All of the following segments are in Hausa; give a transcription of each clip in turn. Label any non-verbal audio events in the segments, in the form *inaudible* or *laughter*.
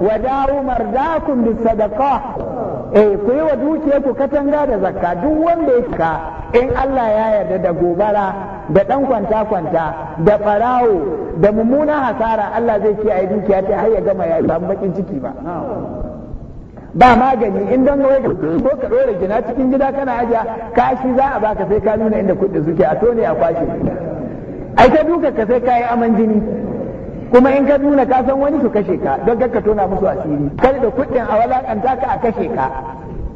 wa dawo mardakum bi sadaqa eh ku yi wa dukiyar ku katanga da zakka duk wanda ya ka in Allah ya yarda da gobara da dan kwanta kwanta da farao da mummunan hasara Allah zai ce ai dukiya ta har ya gama ya samu bakin ciki ba ba magani in don wai ko ka dora gina cikin gida kana ajiya kashi za a baka sai ka nuna inda kuɗin suke a tone a kwashe ai ta duka ka sai kayi aman jini kuma in ka nuna ka san wani su kashe ka don ka tona musu asiri kada da kuɗin a walakanta ka a kashe ka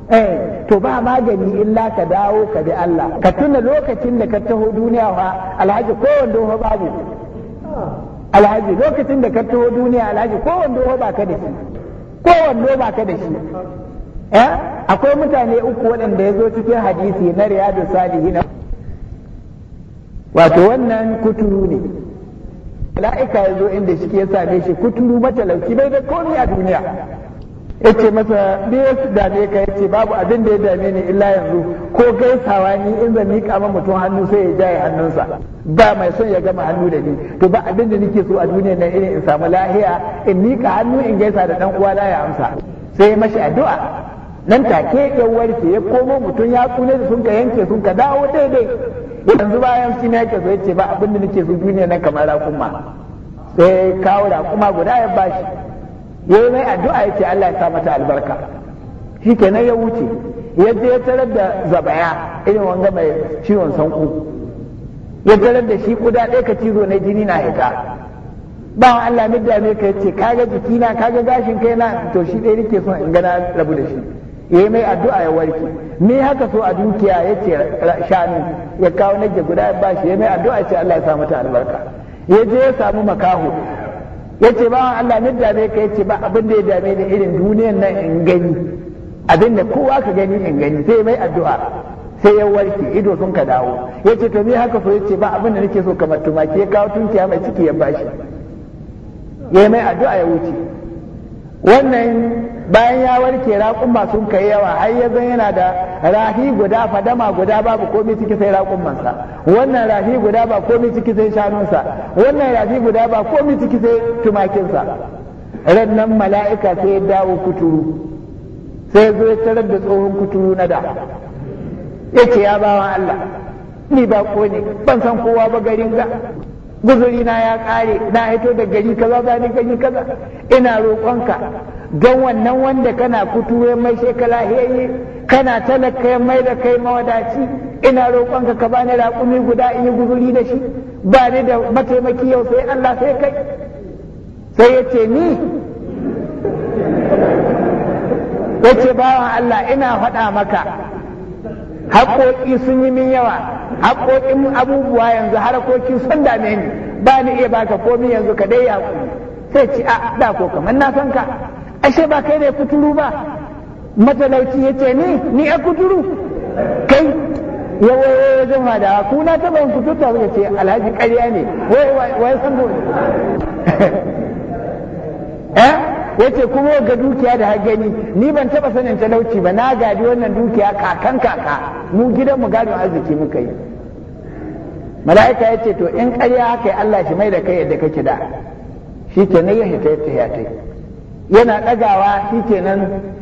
eh to ba magani illa ka dawo ka bi Allah ka tuna lokacin da ka taho duniya fa alhaji ko wando babu alhaji lokacin da ka taho duniya alhaji ko wando ba ka da shi ko wando ba ka da shi eh akwai mutane uku waɗanda ya zo cikin hadisi na riyadu salihin wato wannan kuturu ne mala'ika ya zo inda shi ya same shi kuturu matalauci bai da komi a duniya ya ce masa me ya dame ka ya ce babu abin da ya dame ni illa yanzu ko gaisawa ni in zan miƙa ma mutum hannu sai ya jaye hannunsa ba mai son ya gama hannu da ni to ba abin da nake so a duniya na irin in samu lahiya in miƙa hannu in gaisa da dan uwa ya amsa sai ya mashi addu'a nan take ya warke ya komo mutum ya tsune da sun ka yanke sun ka dawo daidai yanzu bayan sun yake zo yace ba abin da nake so duniya nan kamar rakuma sai kawo rakuma guda ya bashi yayi mai addu'a yace Allah ya sa mata albarka kenan ya wuce ya je ya tarar da zabaya irin wanga mai ciwon sanku ya tarar da shi kuda ɗaya ka cizo na jini na hita ba Allah midda ne ka yace kaga jikina kaga gashin kai na to shi ɗaya nake son in ga na rabu da shi ya mai addu'a ya warke ni haka so a dukiya ya ce shanu ya kawo nage guda ya bashi ya mai addu'a ce Allah ya samu ta albarka ya je ya samu makaho ce ba Allah ne dame ka ya ce ba abin da ya dame ni irin duniyar nan in gani abin da kowa ka gani in gani sai mai addu'a sai ya warke ido sun ka dawo ya ce to ni haka so ce ba abin da nake so kamar tumaki ya kawo tunkiya mai ciki ya bashi ya mai addu'a ya wuce wannan bayan ya warke raƙumma sun kai yawa har ya zan yana da rahi guda fadama guda babu komai ciki sai raƙummansa wannan rahi guda ba komai ciki sai shanunsa wannan rahi guda ba komai ciki sai tumakinsa ran nan mala'ika sai ya dawo kuturu sai zo ya tarar da tsohon kuturu na da ya ce ya bawa Allah ni ba ko ne ban san kowa ba garin ga guzuri na ya kare na hito da gari kaza za ni gari kaza ina roƙonka don wannan wanda kana kutuwe mai shekala heye kana talaka mai da kai mawadaci ina roƙonka ka bani raƙumi guda in yi guzuri da shi ba ni da mataimaki yau sai Allah sai kai sai ya ce ni ya ce bawan Allah ina faɗa maka haƙoƙi sun yi min yawa haƙoƙin abubuwa yanzu harakokin sun dame ni ba ni iya baka komi yanzu ka dai yaku sai ci a da ko kamar na san ka ashe ba kai ne kuturu ba matalauci ya ce ni ni a kuturu kai ya wayo wajen da ku na taɓa ku tuta ya ce alhaji ƙarya ne wai san go *laughs* eh yace kuma ga dukiya da gani ni ban taɓa sanin talauci ba na gadi wannan dukiya kakan kaka mu gidan mu gadon arziki muka yi mala'ika ya ce to in ƙarya haka Allah shi mai da kai yadda kake da shi kenan ya hita ya ta yana ɗagawa shi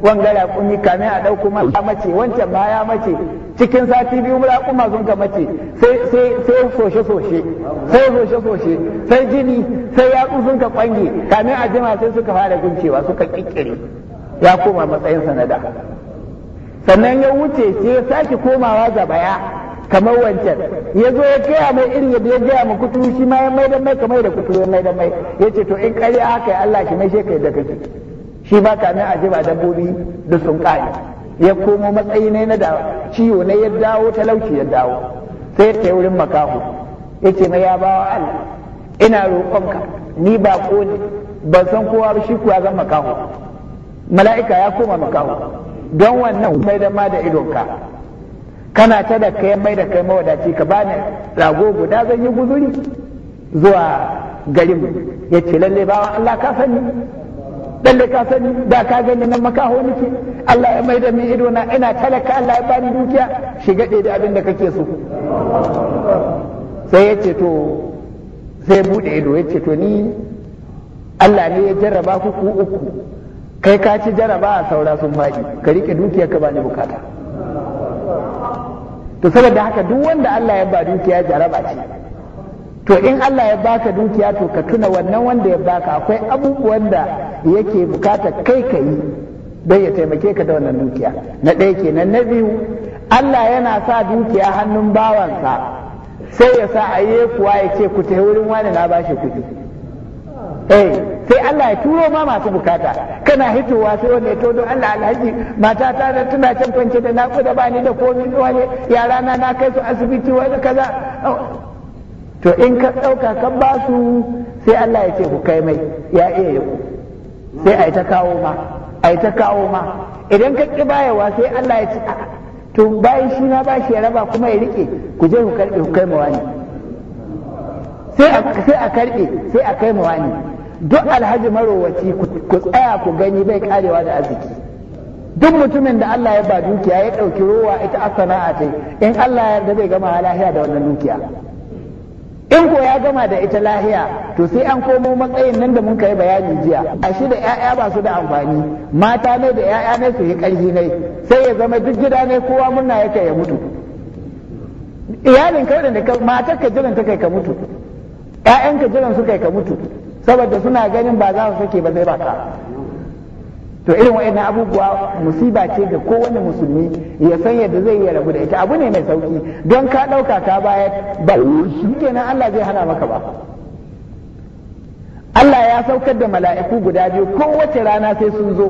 wanga ya kumi kame a ɗauko mata mace wancan ba ya mace cikin sati biyu raƙuma sun ka mace sai soshe soshe sai soshe soshe sai jini sai ya sun ka kwange kame a jima sai suka fara guncewa suka kikkire ya koma matsayin sanada sannan ya wuce sai ya sake komawa zabaya kamar wancan ya zo ya kaya mai irin yadda ya gaya ma kuturu shi ma ya mai da mai kamar da kuturu ya mai mai ya ce to in ƙarya haka ya Allah shi mai shekai da kake shi ma kamin a ji ba dabbobi da sun ƙare ya komo matsayi ne na da ciwo ne ya dawo talauci ya dawo sai ya tafi wurin makaho ya ce mai ya bawa Allah ina roƙonka ni ba ko ne ban san kowa ba shi kuwa zan makaho mala'ika ya koma makaho don wannan mai da ma da idonka kana ta da kai mai da kai mawadaci ka bani rago guda zan yi guzuri zuwa garin ya ce lalle ba Allah ka sani lalle ka sani da ka gani nan makaho nake Allah ya mai da min ido na ina talaka Allah ya bani dukiya shiga ɗaya da abin da kake so sai ya ce to sai bude ido ya ce to ni Allah ne ya jarraba ku ku uku kai ka ci jarraba a saura sun faɗi ka rike dukiyar ka bani bukata to saboda haka duk wanda Allah ya ba dukiya jaraba ce to in Allah ya baka dukiya to ka tuna wannan wanda ya baka akwai abubuwan da yake bukata kai ka yi don ya taimake ka da wannan dukiya na ɗaya kenan na biyu Allah yana sa dukiya hannun bawansa sai ya sa aye kuwa ya ce ku tafi wurin wani na bashi kuɗi eh sai Allah ya turo ma masu bukata kana hitowa sai wanda ya to don Allah alhaji mata ta da tana can kwance da naƙuda ba ni da komi wani yara na na kai su asibiti wani kaza oh. to in ka ɗauka kan ba su sai Allah ya ce ku kai mai ya iya yi sai a yi ta kawo ma a yi ta kawo ma idan ka ƙi bayawa sai Allah ya ce to bayan shi na bashi ya raba kuma ya riƙe ku je ku karɓe ku kai ma wani sai a karɓe sai a kai ma wani duk alhaji marowaci ku tsaya ku gani bai karewa da arziki duk mutumin da Allah ya ba dukiya ya ɗauki rowa ita a sana'a ce in Allah ya yarda zai gama lahiya da wannan dukiya in ko ya gama da ita lahiya to sai an komo matsayin nan da mun kai bayani jiya a shi da ƴaƴa ba su da amfani mata ne da ƴaƴa ne su yi ƙarfi ne sai ya zama duk gida ne kowa murna yake ya mutu iyalin kai da matar ka jiran ta kai ka mutu ƴaƴan ka jiran su kai ka mutu saboda suna ganin ba za su sake ba sai ba ka to irin wa'annan abubuwa musiba ce ga kowane musulmi ya san yadda zai yi rabu da ita abu ne mai sauki don ka ɗauka ka baya ba shi kenan Allah zai hana maka ba Allah ya saukar da mala'iku guda biyu kowace rana sai sun zo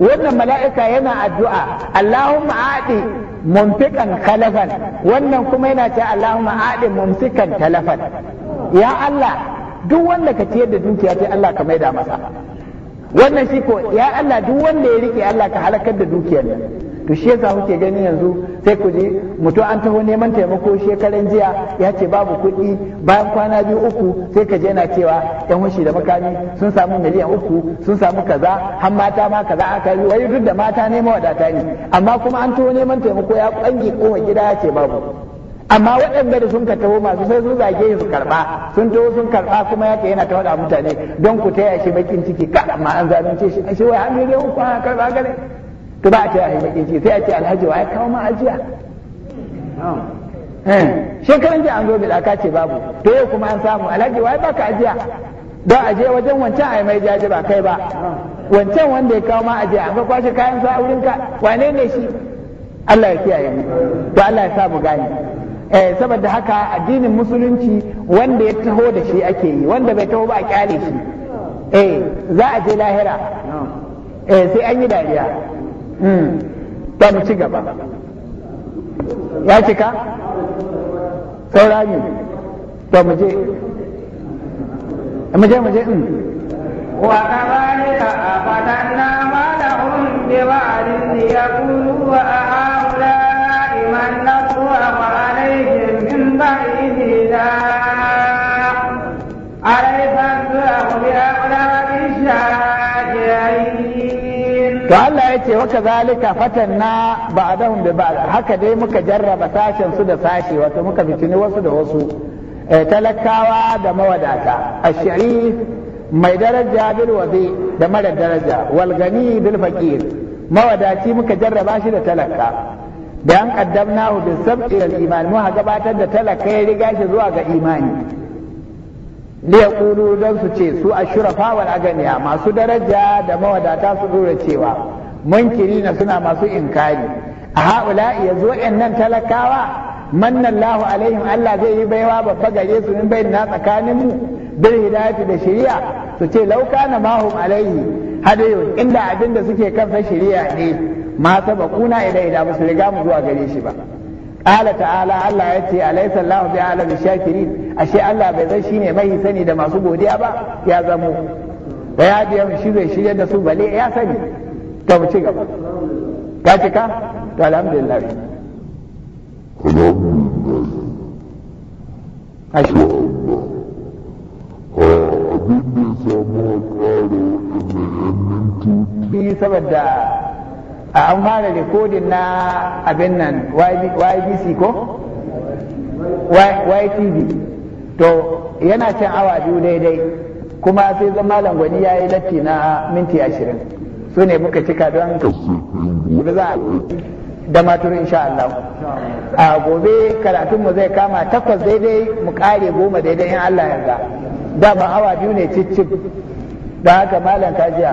wannan mala'ika yana addu'a Allahumma aɗi mumfikan kalafan wannan kuma yana ce Allahumma aɗi mumsikan talafan ya Allah duk wanda ka ciyar da dukiya sai Allah ka maida masa wannan shi ko ya Allah duk wanda ya rike Allah ka halakar da dukiyar nan to shi yasa kuke gani yanzu sai ku je mutum an taho neman taimako shekaran jiya ya ce babu kuɗi bayan kwana biyu uku sai ka je yana cewa yan washi da makami sun samu miliyan uku sun samu kaza har mata ma kaza aka yi wai duk da mata ne wadata ne amma kuma an taho neman taimako ya kange kowa gida ya ce babu amma waɗanda da sun ka taho masu sai sun zage su karba sun taho sun karba kuma yake yana ta waɗa mutane don ku taya shi bakin ciki ka amma an zalunce shi shi wai hannu ne uku an karba gane to ba a taya shi bakin ciki sai a ce alhaji wa ya kawo ma ajiya eh, shekaran jiya an zo bi ɗaka ce babu to yau kuma an samu alhaji wa ya baka ajiya don je wajen wancan a mai jaji ba kai ba wancan wanda ya kawo ma ajiya an ka kwashe kayan sa a wurinka wane ne shi Allah ya kiyaye mu to Allah ya sa mu gane Eh, saboda haka addinin musulunci wanda ya taho da shi ake yi wanda bai taho ba a kyale shi eh za a je lahira eh sai an yi dariya hmm. ta mu ci gaba ya cika saura ne to mu je mu je mu je in hmm. wa kazalika afadanna ma lahum bi wa'din yakunu wa أليس الله بأولاد الشاكرين to Allah ya ce waka zalika fatanna ba'dahum bi ba'd haka dai muka jarraba sashen su da sashi wato muka fitini wasu da wasu eh, talakawa da mawadata ash-sharif mai daraja bil wazi da mara daraja wal gani bil faqir mawadaci muka jarraba shi da talaka da an qaddamnahu bil sabti lil iman mu gabatar da talaka ya riga shi zuwa ga imani li yaqulu dan su ce su ashrafa wal aganiya masu daraja da mawadata su dora cewa Mun munkirina suna masu inkari a haula zo wa'annan talakawa mannan lahu alaihim Allah zai yi baiwa babba gare su in bai na tsakanin mu bil hidayati da shari'a su ce lauka na mahum alaihi hadayo inda abinda suke kan fa shari'a ne ma sabaquna ilaihi da musu riga mu zuwa gare shi ba qala ta'ala Allah ya ce alaysa Allahu bi alam shakirin ashe Allah bai zai shine mai sani da masu godiya ba ya zamo da ya biya shi zai shirye da su bale ya sani to mu ci gaba ka cika to alhamdulillah Ashe. Abin da samu a ƙara waɗanda yannan tuti. Saboda A an fara rikodin na abin nan ybc ko ytv to yana cin awa biyu daidai kuma sai zama langwani ya yi latti na minti ashirin su ne muka cika don za da maturu insha Allah a gobe karatunmu zai kama takwas daidai mu kare goma daidai in Allah yarda dama awa biyu ne cicci da haka malam kajiya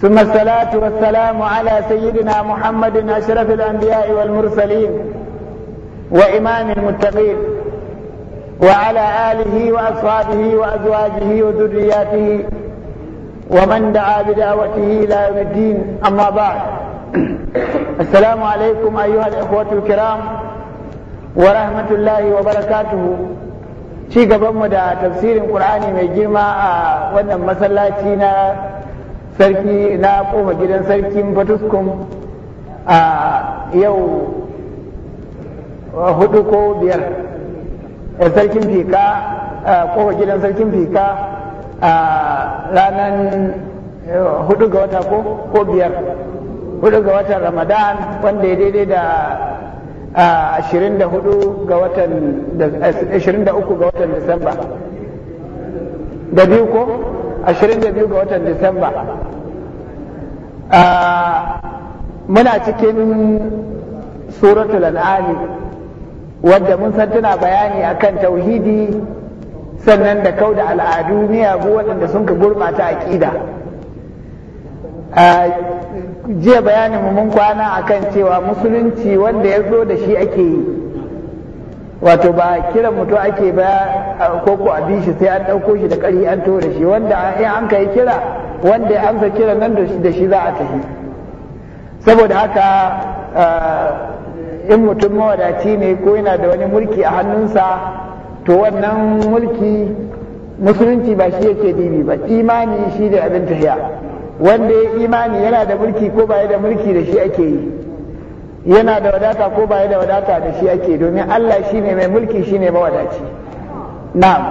ثم الصلاة والسلام على سيدنا محمد أشرف الأنبياء والمرسلين وإمام المتقين وعلى آله وأصحابه وأزواجه وذرياته ومن دعا بدعوته إلى يوم الدين أما بعد السلام عليكم أيها الإخوة الكرام ورحمة الله وبركاته ci أبو da تفسير Qur'ani mai girma a sarki na koma gidan sarkin batuskun a yau hudu ko biyar eh, sarkin fika koma gidan sarkin fika a ranar eh, hudu ga wata ko biyar hudu ga watan ramadan wanda ya daidai da ashirin da hudu ga watan ashirin da uku ga watan disamba da biyu ko ashirin da biyu ga watan disamba muna cikin suratul al'ali wadda mun san tana bayani akan tauhidi sannan da kau da al'adu miyagu waɗanda sun ka gurɓata aƙida jiya bayanin mun kwana akan cewa musulunci wanda ya zo da shi ake yi wato ba kiran mutum ake ba ko ko a bi shi sai an ɗauko shi da ƙari an to da shi wanda in an kai kira wanda ya amsa kira nan da shi za a tafi saboda haka ah, in mutum mawadaci ne ko yana da wani mulki a hannunsa to wannan mulki musulunci ba shi yake dibi ba imani shi da abin tahiya wanda ya imani yana da mulki ko ba da mulki da shi ake yi yana da wadata ko ba da wadata da shi ake domin allah shi ne mai mulki shi ne mawadaci na'am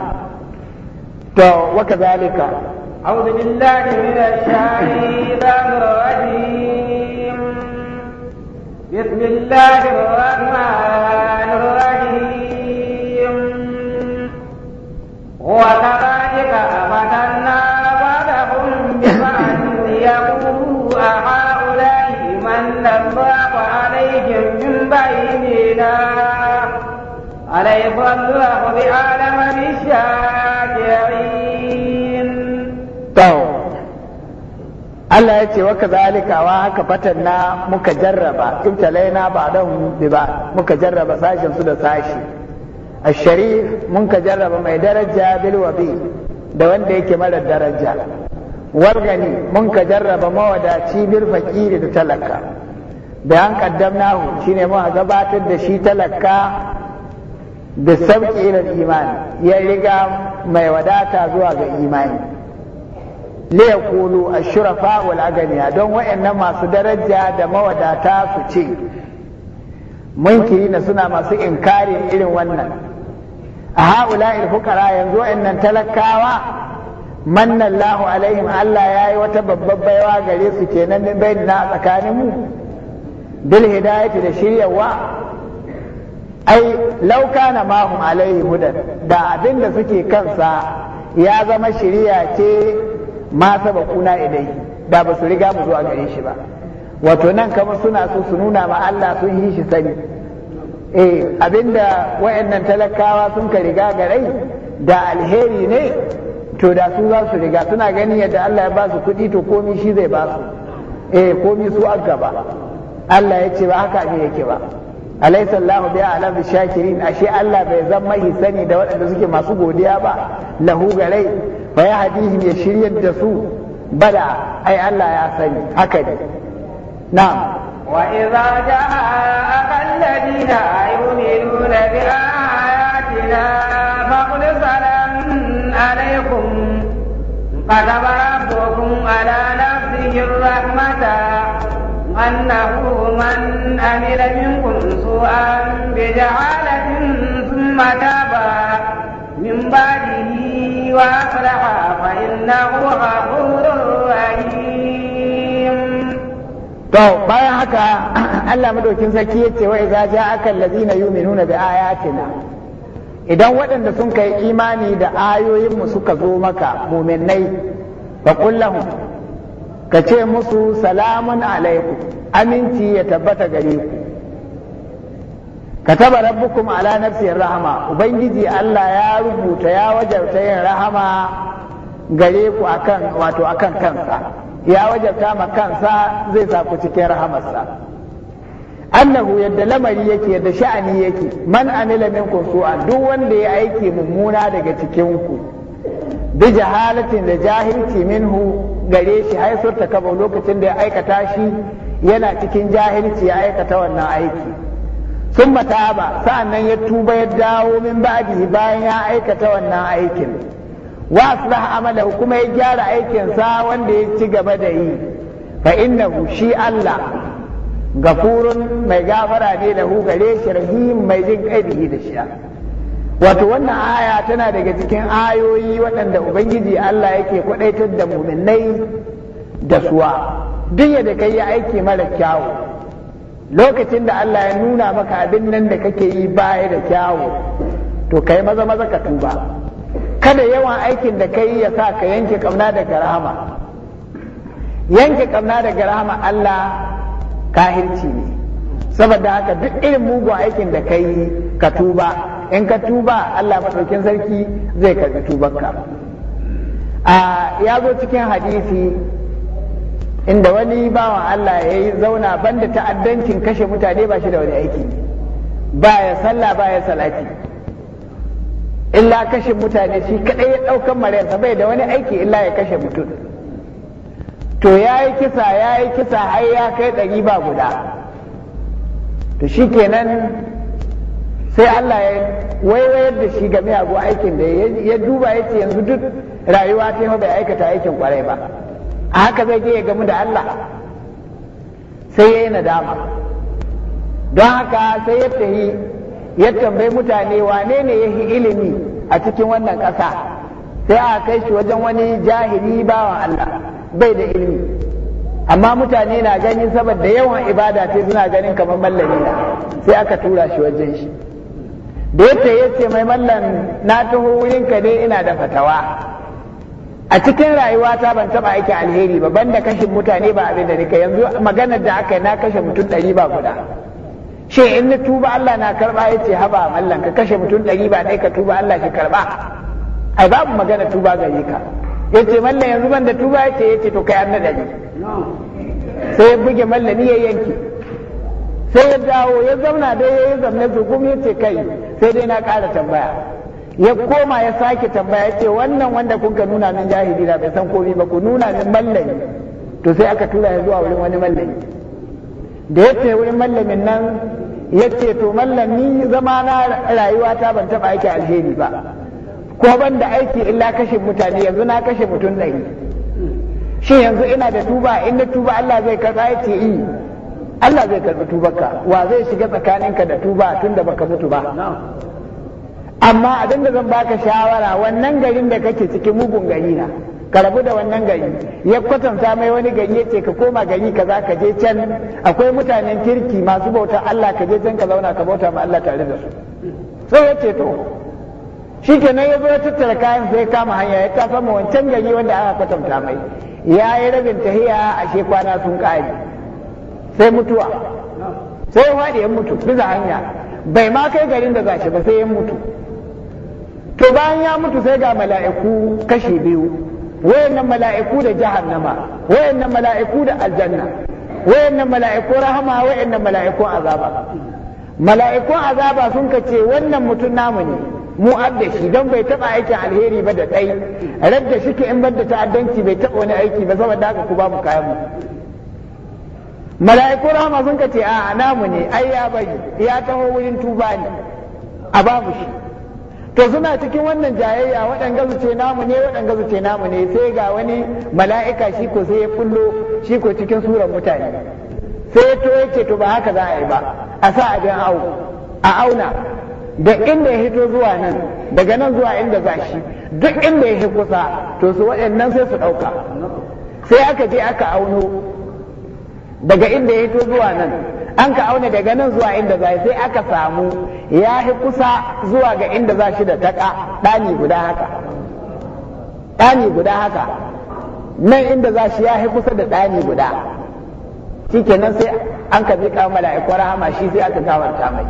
to waka zalika أعوذ بالله من الشيطان الرجيم بسم الله الرحمن الرحيم وكذلك فتنا بعضهم أن يقولوا أهؤلاء من الله عليهم من بيننا أليس الله بأعلم بالشاهدين to Allah ya ce wa ka zalika wa haka fatan na muka jarraba na ba don bi ba muka jarraba sashin su da sashi sharif mun ka jarraba mai daraja bil wabi da wanda yake mara daraja wargani mun ka jarraba mawadaci bil fakiri da talaka da an hu shine mu gabatar da shi talaka da sauki ila imani ya riga mai wadata zuwa ga imani liyaqulu Kulu, a wal aganiya don wayannan masu daraja da mawadata su ce munkirina suna masu inkarin irin wannan a haula'il fukara, yanzu wayannan talakawa mannan lahu alaihim Allah ya yi wata babbar baiwa gare su kenan min bainina tsakanin mu bil hidayati da shiryawa ai lauka na mahum alaihi hudar. da abin da suke kansa ya zama shiriya ce ma kuna ilai da ba su riga mu zuwa gare shi ba wato nan kamar suna so su nuna ma Allah sun yi shi sani eh abinda wayannan talakawa sun ka riga gare da alheri ne to da su za su riga suna ganin yadda Allah ya ba su kuɗi to komi shi zai ba su eh komi su an gaba Allah ya ce ba haka ne yake ba alaysa Allahu bi a'lam shakirin ashe Allah bai zama mai da waɗanda suke masu godiya ba lahu garai Waɗanne hadisi ya shirya da su bada da, Allah ya sani, haka ne, na. Wa yanzu jaa a ƙalla jihar ayyukun ya nuna jihar hayati na. Maƙudu alaikum. Kasaɓar abokan ala na tsirrin rarraba ta. Wannan kurman a milamin kunsuwa, bai ji halartin sun وأفلح فإنه غفور رحيم to bayan haka *clears throat* Allah madaukin sarki ya ce wa idza ja'aka yu'minuna ayatina idan waɗanda sun kai imani da ayoyinmu suka zo maka muminai fa kullahu ka ce musu salamun alaikum aminci ya tabbata gare ku kataba rabbukum ala nafsi rahama ubangiji Allah ya rubuta ya wajabta yin rahama gare ku akan wato akan kansa ya wajabta ma kansa zai sa cikin rahamarsa annahu yadda lamari yake yadda sha'ani yake man amila minkum su'a duk wanda ya aiki mummuna daga cikin ku bi jahalatin da jahilci minhu gare shi haisur ta kaba lokacin da ya aikata shi yana cikin jahilci ya aikata wannan aiki sun mataba nan ya tuba ya dawo min ba'dihi bayan ya aikata wannan aikin wa aslaha amala kuma ya gyara aikin sa wanda ya ci gaba da yi fa shi Allah gafurun mai gafara ne da hu gare shi rahim mai jin kai da shi wato wannan aya tana daga cikin ayoyi waɗanda ubangiji Allah yake kwadaitar da muminai da suwa duk da kai ya aiki mara kyawu lokacin da Allah ya nuna maka abin nan da kake yi baya da kyawu to kai maza maza ka tuba kada yawan aikin da kai ya sa ka yanke kamna da garama yanke kamna da garama Allah kahirci ne saboda haka duk irin mugun aikin da kai ka tuba in ka tuba Allah madaukin sarki zai karbi tubanka a ah, ya zo cikin hadisi inda wani bawa Allah ya yi zauna banda ta'addancin kashe mutane ba shi da wani aiki ba ya sallah ba ya salati illa kashe mutane shi kadai ya daukan marayarsa bai da wani aiki illa ya kashe mutum to ya yi kisa ya yi kisa har ya kai ɗari ba guda to shi kenan sai Allah ya waiwayar da shi game abu aikin da ya duba ya ce yanzu duk rayuwa ta yi bai aikata aikin kwarai ba a haka zai je ya gamu da Allah sai ya yi nadama don haka sai ya tafi ya tambayi mutane wane ne ya ilimi a cikin wannan ƙasa sai a kai shi wajen wani jahili bawan Allah bai da ilimi amma mutane na ganin saboda yawan ibada ce suna ganin kamar mallami na sai aka tura shi wajen shi da ya ce mai mallan na taho wurinka ne ina da fatawa a cikin rayuwa ta ban taba aiki alheri ba banda kashin mutane ba abin da nika yanzu maganar da aka yi na kashe mutum ɗari ba guda she in na tuba Allah na karba ya ce haba mallan ka kashe mutum ɗari ba ɗai ka tuba Allah shi karba ai babu magana tuba gare ka ya ce mallan yanzu ban da tuba ya ce ya ce to kai an naɗa sai ya buge mallan ya yanki, sai ya dawo ya zauna dai ya yi zamne zugum ya ce kai sai dai na ƙara tambaya ya koma ya sake tambaya ya ce wannan wanda kuka nuna min jahili na bai san komai ba ku nuna min mallami to sai aka tura ya zuwa wurin wani mallami da ya ce wurin mallamin nan ya ce to mallami zama na rayuwa ta ban taba aiki alheri ba ko ban da aiki illa kashe mutane yanzu na kashe mutum ɗari shin yanzu ina da tuba in tuba Allah zai karɓa ya ce yi eh, Allah zai karɓi tubarka wa zai shiga tsakaninka da tuba tunda da baka mutu ba amma abin da zan baka shawara wannan garin da kake cikin mugun gari na ka rabu da wannan gari ya kwatanta mai wani gari ya ce ka koma gari za ka je can akwai mutanen kirki masu bauta Allah ka je can ka zauna ka bauta ma Allah tare da su sai ya ce to shi ke zo ya tattara kayan sai ya kama hanya ya tafa ma wancan gari wanda aka kwatanta mai ya yi rabin tahiya a kwana sun kare sai mutuwa sai ya mutu bisa hanya bai ma kai garin da zashi ba sai ya mutu to bayan ya mutu sai ga mala'iku kashi biyu wayannan mala'iku da jahannama wayannan mala'iku da aljanna wayannan mala'iku rahama wayannan mala'iku azaba mala'ikun azaba sun kace wannan mutum namu ne mu adda shi don bai taba aikin alheri ba da ɗai radda shi ke in bar da ta'addanci bai taba wani aiki ba saboda haka ku ba mu kayan mala'iku rahama sun kace a namu ne ai ya bari ya taho wurin tuba ne a babu shi to suna cikin wannan jayayya waɗanda su ce namu ne waɗanda su ce namu ne sai ga wani mala'ika shi ko sai ya fullo shi ko cikin surar mutane sai to yake to ba haka za a yi ba a sa abin au a auna da inda ya hito zuwa nan daga nan zuwa inda za shi duk inda ya kusa to su waɗannan sai su ɗauka sai aka je aka auno daga inda ya hito zuwa nan an ka auna daga nan zuwa inda za sai aka samu ya fi kusa zuwa ga inda za shi da taƙa ɗani guda haka ɗani guda haka nan inda za shi ya fi kusa da ɗani guda shi kenan sai an ka miƙa mala'iku rahama shi sai aka gawarta mai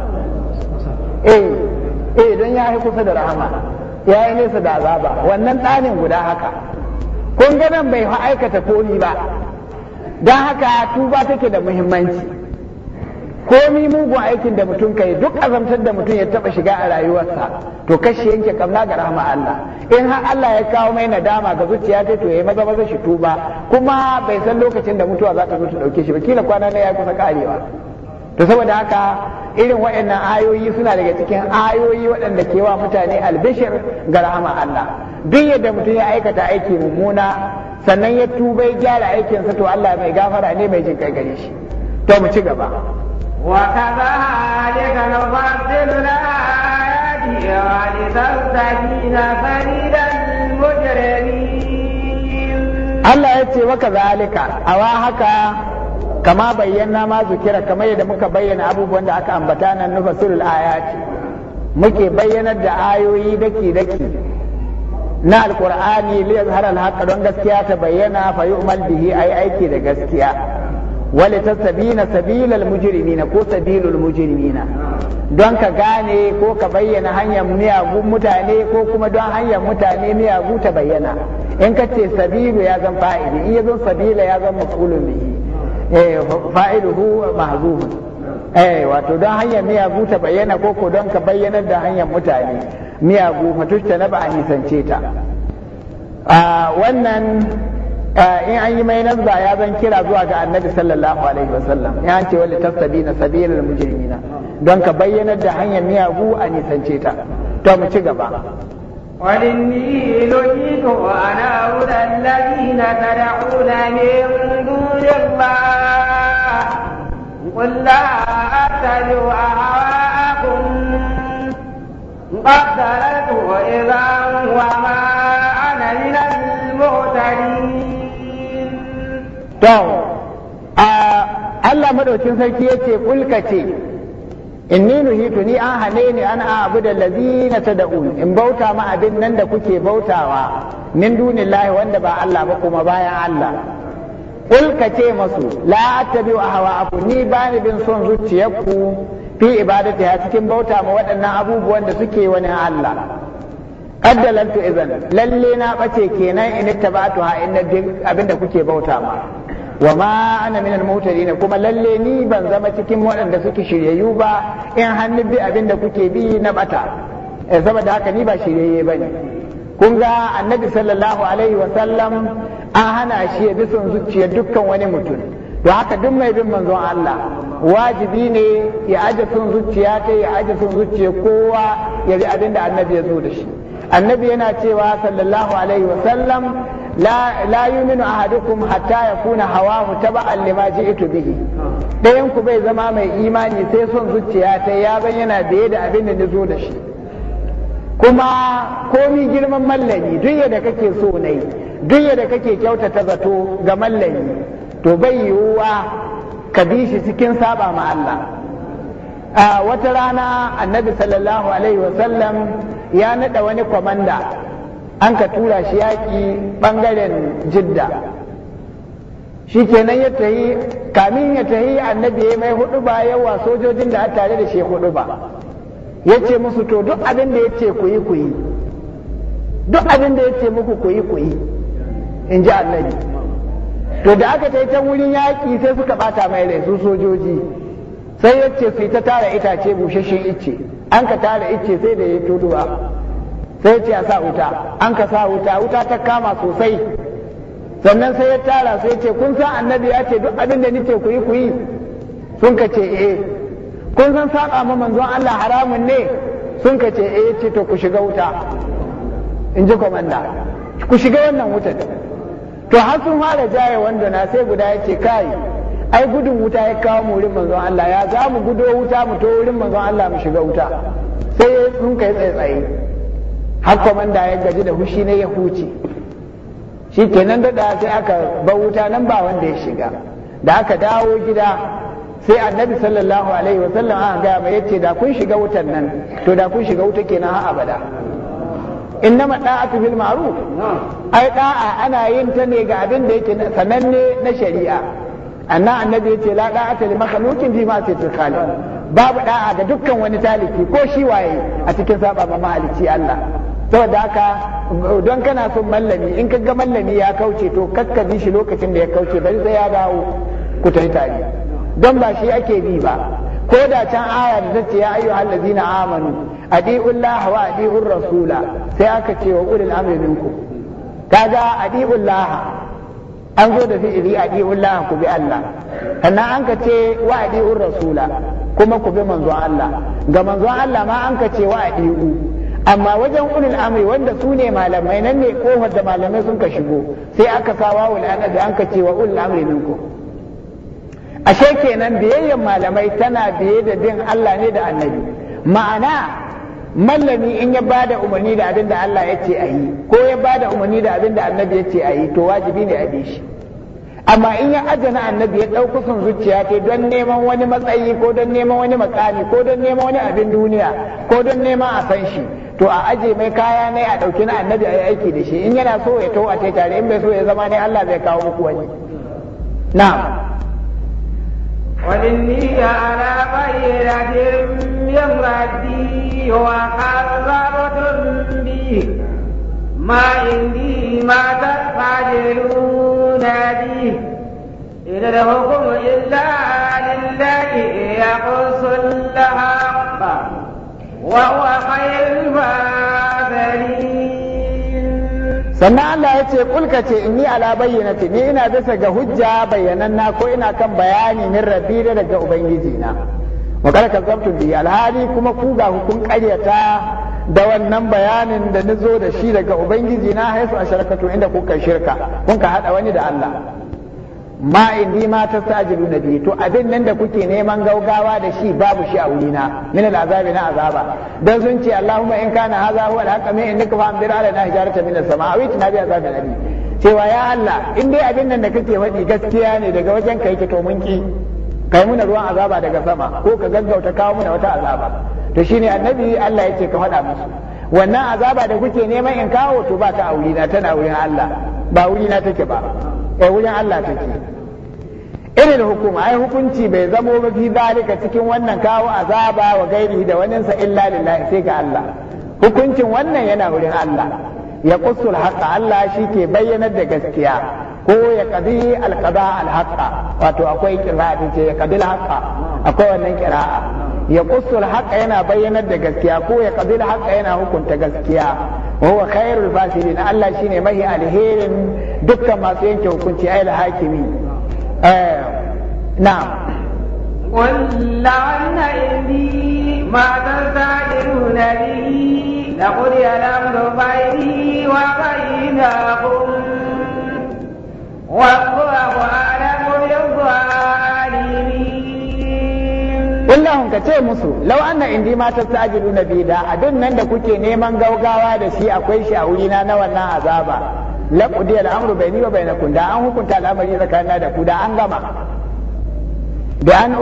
eh eh don ya fi kusa da rahama ya yi nesa da azaba wannan ɗanin guda haka kun nan bai aikata komi ba don haka tuba take da muhimmanci komi mugun aikin da mutum kai duk azamtar da mutum ya taba shiga a rayuwarsa to kashi yanke kamna ga rahama Allah in har Allah ya kawo mai nadama ga zuciya ta to yayi maza maza shi tuba kuma bai san lokacin da mutuwa za ta zo ta dauke shi ba kila kwana ne ya kusa karewa to saboda haka irin waɗannan ayoyi suna daga cikin ayoyi waɗanda ke wa mutane albishir ga rahama Allah duk yadda mutum ya aikata aiki mummuna sannan ya tuba ya gyara aikinsa to Allah mai gafara ne mai jin kai gare shi to mu ci gaba وكذلك نفصل الآيات ولتستبين سبيل المجرمين الله يتي وكذلك أوا هكا كما بينا ما ذكر كما muka bayyana abubuwan da aka ambata nan nufasilul ayati muke bayyanar da ayoyi daki daki na alqur'ani li yazhara al don gaskiya ta bayyana fa yu'mal bihi ay aiki da gaskiya wale ta sabina sabilal na ko sabilul na? don ka gane ko ka bayyana hanyar miyagun mutane ko kuma don hanyar mutane miyagu ta bayyana in ka ce sabilu ya zan fa'ili in ya zan sabila ya zan maf'ulun bihi eh fa'iluhu hu. eh wato don hanyar miyagu ta bayyana ko ko don ka bayyana da hanyar mutane miyagu fatushta na ba a nisance ta wannan Eh, in an yi mai nazba ya zan kira zuwa ga annabi sallallahu alaihi wasallam ya ce wali na sabirin mujrimina don ka bayyanar da hanyar miyagu a nisance ta to mu ci gaba وإني نهيت أن أعبد الذين تدعون من دون الله قل لا أتبع أهواءكم قد ضللت إذا وما أنا من المهتدين to Allah madaukin sarki yace kulka ce inni nuhitu ni an hane ni an abu da a'budu da tad'un in bauta ma abin nan da kuke bautawa min dunillahi wanda ba Allah ba kuma bayan Allah kulka ce masu la hawa ahwa'akum ni ba ni bin son zuciyarku fi ya cikin bauta ma waɗannan abubuwan da suke wani Allah addalantu izan lalle na ɓace kenan in ittaba'tuha abin da kuke bauta ma wa ma ana minal mutadin kuma lalle ni ban zama cikin waɗanda suke shiryayyu ba in hannu bi abin da kuke bi na bata eh, saboda haka ni ba shiryayye bane kun ga annabi sallallahu alaihi wa sallam an hana shi ya bi son zuciya dukkan wani mutum to haka duk mai bin manzon Allah wajibi ne ya aje son zuciya ta ya aje son zuciya kowa ya bi abin da annabi ya zo da shi annabi yana cewa sallallahu alaihi wa sallam la la yuminu ahadukum hatta yakuna hawahu taba'an lima ji'tu bihi dayan ku bai zama mai imani sai son zuciya ta ya ban yana biye da abin da nazo da shi kuma komi girman mallami duk yadda kake so nayi duk yadda kake kyautata zato ga mallami to bai yiwuwa ka bi shi cikin saba ma Allah a wata rana annabi sallallahu alaihi wasallam ya nada wani kwamanda an ka tura shi yaƙi ɓangaren jidda shi kenan ya tahi kamin ya tahi annabi ya mai hudu ba yawa sojojin da tare da shi hudu ba ya ce musu to duk abin da ya ce ku yi ku yi duk abin da ya ce muku ku yi ku yi in ji annabi to da aka yi can wurin yaƙi sai suka ɓata mai rai sojoji sai ya ce su yi ta tara itace busasshen icce an ka tara icce sai da ya tuduwa sai ce a sa wuta an ka sa wuta wuta ta kama sosai sannan sai ya tara sai ce kun san annabi ya ce duk abin da nake ku yi ku yi sun ka ce eh kun san saba ma manzon Allah haramun ne sun ka ce eh ce to ku shiga wuta in ji komanda ku shiga wannan wuta to har sun fara jaye wanda na sai guda ya ce kai ai gudun wuta ya kawo mu wurin manzon Allah ya za mu gudo wuta mu to wurin manzon Allah mu shiga wuta sai sun kai tsaye tsaye har da ya gaji da hushi na ya huce shi kenan daɗa sai aka bar wuta nan ba wanda ya shiga da aka dawo gida sai annabi sallallahu alaihi wa sallam aka gaya mai yace da kun shiga wutan nan to da kun shiga wuta kenan har abada innama da'atu bil ma'ruf ai da'a ana yin ta ne ga abin da yake sananne na shari'a anna annabi yace la da'ata li makhluqin fi ma'siyatil khaliq babu da'a ga dukkan wani taliki ko shi waye a cikin saba ma mahalicci Allah saboda haka don kana son mallami in ka ga mallami ya kauce to kakka bi shi lokacin da ya kauce bari sai ya dawo ku tai tare don ba shi ake bi ba ko da can aya da zace ya ayyuha allazina amanu adiullah wa adiur rasula sai aka ce wa ulil amri minkum kaga adiullah an zo da fi'ili adiullah ku bi Allah sannan an ka ce wa adiur rasula kuma ku bi manzon Allah ga manzon Allah ma an ka ce wa adiu amma wajen ulul amri wanda su ne malamai nan ne kofar da malamai sun ka shigo sai aka sa wawul da an ka ce wa ulul amri ko ashe kenan biyayyen malamai tana biye da bin Allah ne da annabi ma'ana mallami in ya bada umarni da abin da Allah ya ce a yi ko ya bada umarni da abin da annabi ya ce a yi to wajibi ne a bi shi amma in ya ajana annabi ya ɗauki sun zuciya ce don neman wani matsayi ko don neman wani makami ko don neman wani abin duniya ko don neman a san shi to a aje mai kaya ne a ɗauki na annabi a yi aiki da shi in yana so ya to a tare in bai so ya zama ne Allah zai kawo muku wani na wani ya ala bayi rajin yin radi wa karzarotun bi ma indi ma da fajiru na bi إن الحكم إلا لله يقص الحق وهو خير sannan Allah ya ce kulka ce inni ala bayyanati ni ina bisa ga hujja bayyananna ko ina kan bayani min rabbi da daga ubangiji na wa kada kazzabtu bi alhali kuma ku ga hukun ƙaryata da wannan bayanin da nazo da shi daga ubangiji na haisu a inda kuka shirka kun ka hada wani da Allah ma indi ma na nabi to abin nan da kuke neman gaugawa da shi babu shi a wurina min azabi na azaba dan sun ce Allahumma in kana hadha huwa al haqqa min indaka fa amdir ala hijarata min as-sama aw itina bi nabi cewa ya Allah in dai abin nan da kake faɗi gaskiya ne daga wajen kai ki to mun ki kai muna ruwan azaba daga sama ko ka gaggauta kawo muna wata azaba to shine annabi Allah yace ka fada musu wannan azaba da kuke neman in kawo to ba ta a wurina tana wurin Allah ba wurina take ba kai eh, wurin Allah take irin hukuma ai hukunci bai zamo ba fi zalika cikin wannan kawo azaba wa gairi da waninsa illa lillahi sai ga Allah hukuncin wannan yana wurin Allah ya qusul haqa Allah shi ke bayyanar da gaskiya ko ya kadi alqada alhaqa wato akwai qira'a ce ya kadi alhaqa akwai wannan qira'a ya qussu alhaqa yana bayyanar da gaskiya ko ya kadi alhaqa yana hukunta gaskiya wa huwa khairul fasilin Allah shine mahi alherin dukkan masu yanke hukunci ai hakimi eh na'am ولعن إني ما تستعجلون به لقضي الأمر بيني وبينكم Kullahun ka ce musu, lau anna indi ma tastajilu na bida, da abin nan da kuke neman gaugawa da shi akwai shi a wurina na wannan azaba. La qudiya bai niwa bai na da an hukunta al'amari tsakanin da ku da an gama. Da an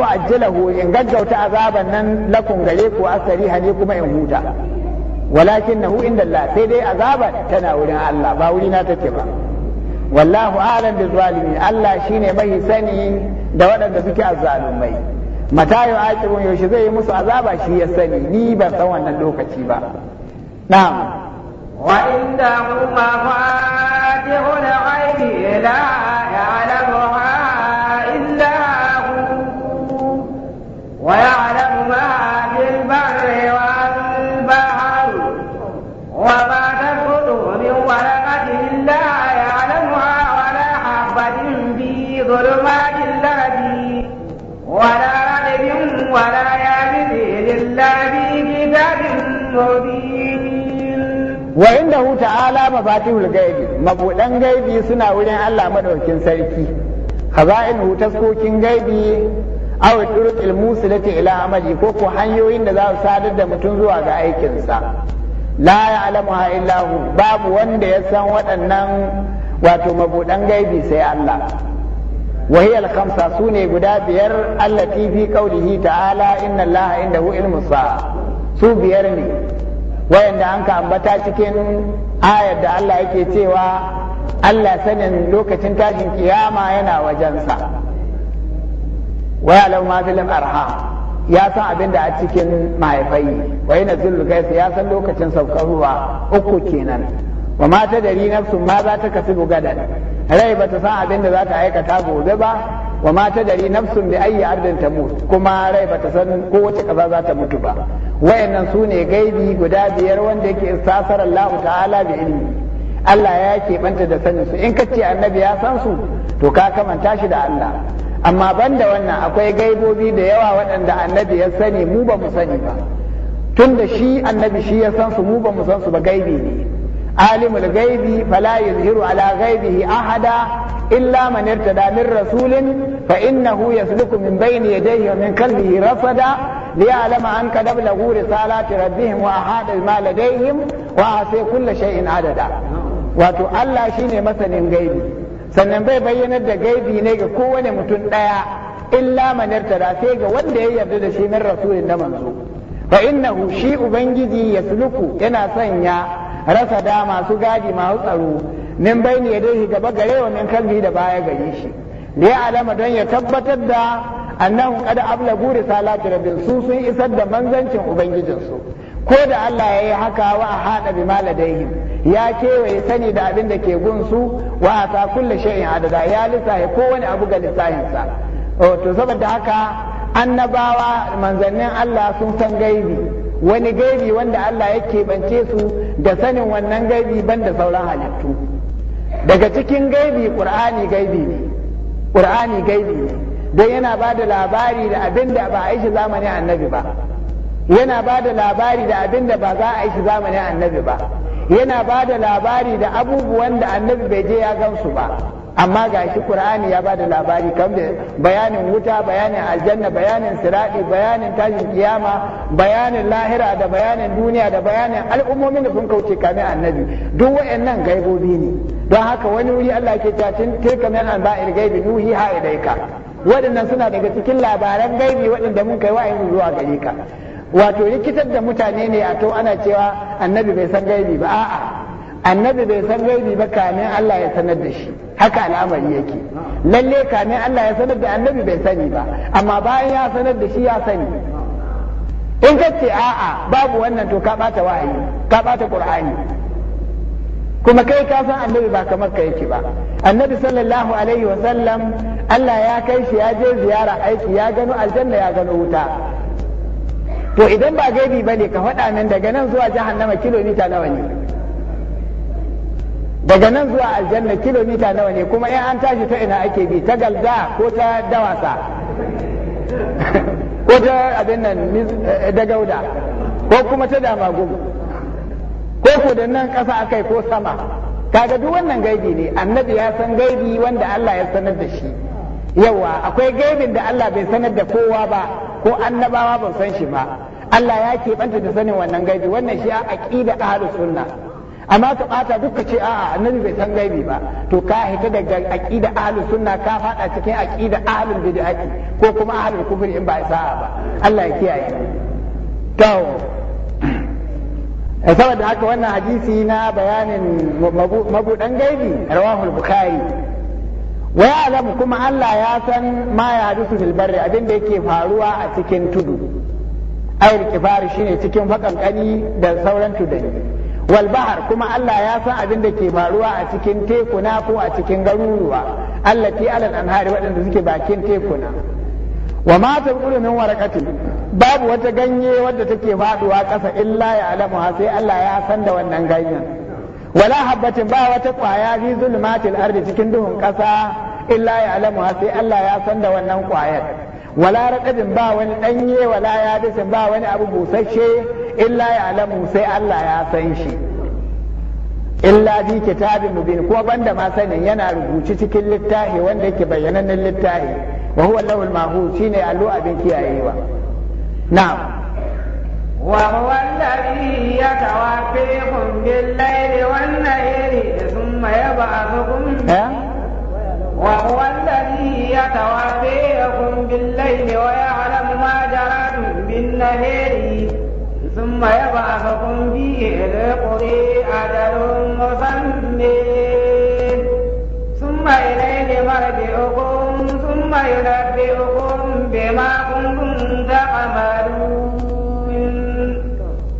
Hu in gaggauta azaban nan lakun gare ku asari hane kuma in huta. Walakin nahu inda Allah sai dai azaban tana wurin Allah ba wurina take ba. wallahu alam bi zalimin Allah shine mai sani da waɗanda suke azzalumai mata yau akirun yaushe zai yi musu azaba shi ya sani ni ban san wannan lokaci ba na. wa inda ma wa inda hu ta'ala mafatihul gaibi mabudan gaibi suna wurin Allah madaukin sarki khaza'in hu taskokin gaibi aw turuqil musilati ila amali ko ko hanyoyin da za su sadar da mutum zuwa ga aikin sa la ya'lamuha illa hu babu wanda ya san waɗannan wato mabudan gaibi sai Allah wa hiya al-khamsa sune guda biyar allati fi qawlihi ta'ala inna Allaha indahu ilmus sa su biyar ne wayanda an ka ambata cikin ayar da Allah yake cewa Allah sanin lokacin tashin kiyama yana wajensa wa ya'lamu ma fil arham ya san abin da a cikin mahaifai wa yana gais su ya san lokacin saukar ruwa uku kenan wa mata ta dari nafsu ma za ta kasu gadan rai bata san abin da za ta aikata gobe ba wa ma tadari nafsun bi ayyi ardin tamut kuma rai bata san ko wace kaza za ta mutu ba wayannan sune gaibi guda biyar wanda yake istasar Allah ta'ala da ilmi Allah ya keɓanta da sanin su in ka ce annabi ya san su to ka kamanta shi da Allah amma banda wannan akwai gaibobi da yawa waɗanda annabi ya sani mu bamu sani ba Tunda shi annabi shi ya san su mu bamu mu san su ba gaibi ne alimul gaibi fala yuzhiru ala ghaibihi ahada illa man irtada min rasulin fa'innahu innahu yasluku min bayni yadayhi wa min qalbihi rafada liya'lama an qad ablagu risalati rabbihim wa ahada ma ladayhim wa asa kulli shay'in adada wato Allah shine masanin gaibi sannan bai bayyanar da gaibi ne ga kowane mutum ɗaya. illa man irtada sai ga wanda ya yarda da shi min rasulin da manzo fa shi ubangiji ya suluku yana sanya rasa da masu gadi masu tsaro bai ne ya shi gaba gare wa min kalbi da baya gare shi da ya alama don ya tabbatar da annahu abla ablagu risalati rabbil su sun isar da manzancin ubangijinsu ko da Allah ya yi haka wa hada bi maladaihim ya kewaye sani da abin da ke su wa ta kulle shay'in adada ya lissahi kowane abu ga sa oh, to saboda haka annabawa manzannin Allah sun san gaibi wani gaibi wanda Allah ya bance su da sanin wannan gaibi banda sauran halittu daga cikin gaibi ƙur'ani gaibi ne ƙur'ani gaibi ne don yana ba da labari da abin da ba a yi shi zamanin annabi ba yana ba da labari da abinda da ba za a yi shi zamanin annabi ba yana ba da labari da abubuwan da annabi bai je ya gansu ba amma ga shi qur'ani ya bada labari kan bayanin wuta bayanin aljanna bayanin siradi bayanin tashin kiyama bayanin lahira da bayanin duniya da bayanin al'ummomin da sun kauce kame annabi duk wayannan gaibobi ne don haka wani wuri Allah ke cewa tin tilka min anba'il gaibi nuhi ha ilaika waɗannan suna daga cikin labaran gaibi waɗanda mun kai wa'ayin zuwa gare ka wato rikitar da mutane ne a to ana cewa annabi bai san gaibi ba a'a annabi bai san gaibi ba kamin Allah ya sanar da shi haka al'amari yake lalle kamin Allah ya sanar da annabi bai sani ba amma bayan ya sanar da shi ya sani in ka ce a'a babu wannan to ka bata wa'ayi ka bata qur'ani kuma kai ka san annabi ba kamar ka yake ba annabi sallallahu alaihi wa sallam Allah ya kai shi ya je ziyara aiki ya gano aljanna ya gano wuta to idan ba gaibi bane ka faɗa nan daga nan zuwa jahannama kilomita nawa ne daga nan zuwa aljanna kilomita nawa ne kuma in an tashi ta ina ake bi ta galda ko ta dawasa *laughs* ko ta abin nan eh, da gauda ko kuma ta damagum ko ko da nan ƙasa akai ko sama kaga duk wannan gaibi ne annabi ya san gaibi wanda Allah ya sanar da shi yawa akwai gaibin da Allah bai sanar da kowa ba ko annabawa ban san shi ba Allah ya keɓanta da sanin wannan gaibi wannan shi a aqida ahlus sunna amma ka bata duk ce a'a annabi bai san gaibi ba to ka hita daga aqida ahlus sunna ka fada cikin aqida ahlul bid'ati ko kuma ahlul kufri in ba sa'a ba Allah ya kiyaye to eh, saboda haka wannan hadisi na bayanin mabudan gaibi rawahul bukhari wa ya'lamu kuma Allah ya san ma ya hadisu fil barri abin da yake faruwa a cikin tudu ayil kifari shine cikin fakankani da sauran tudani wal bahar kuma Allah ya san abin da ke faruwa a cikin tekuna ko a cikin garuruwa ke alal anhari waɗanda suke bakin tekuna wa ma taqulu min babu wata ganye wadda take faduwa ƙasa illa ya alamu sai Allah ya san da wannan ganye. wala habbatin ba wata kwaya fi zulmatil ardi cikin duhun ƙasa illa ya alamu sai Allah ya san da wannan kwayar wala raqabin ba wani danye wala yabisin ba wani abu busasshe illa ya alamu sai Allah ya san shi illa bi kitabin mubin ko banda ma sanin yana rubuci cikin littafi wanda yake bayyanannen littafi wa huwa lahul mahud shine allo abin kiyayewa na'am wa huwa alladhi yatawaffakum bil layli wan nahari thumma yab'athukum eh? wa huwa alladhi yatawaffakum bil layli wa ya'lamu ma jaratum bin nahari ثم يبعثكم فيه ليقضي أجل مسمى ثم إليه مرجعكم ثم ينبئكم بما كنتم تعملون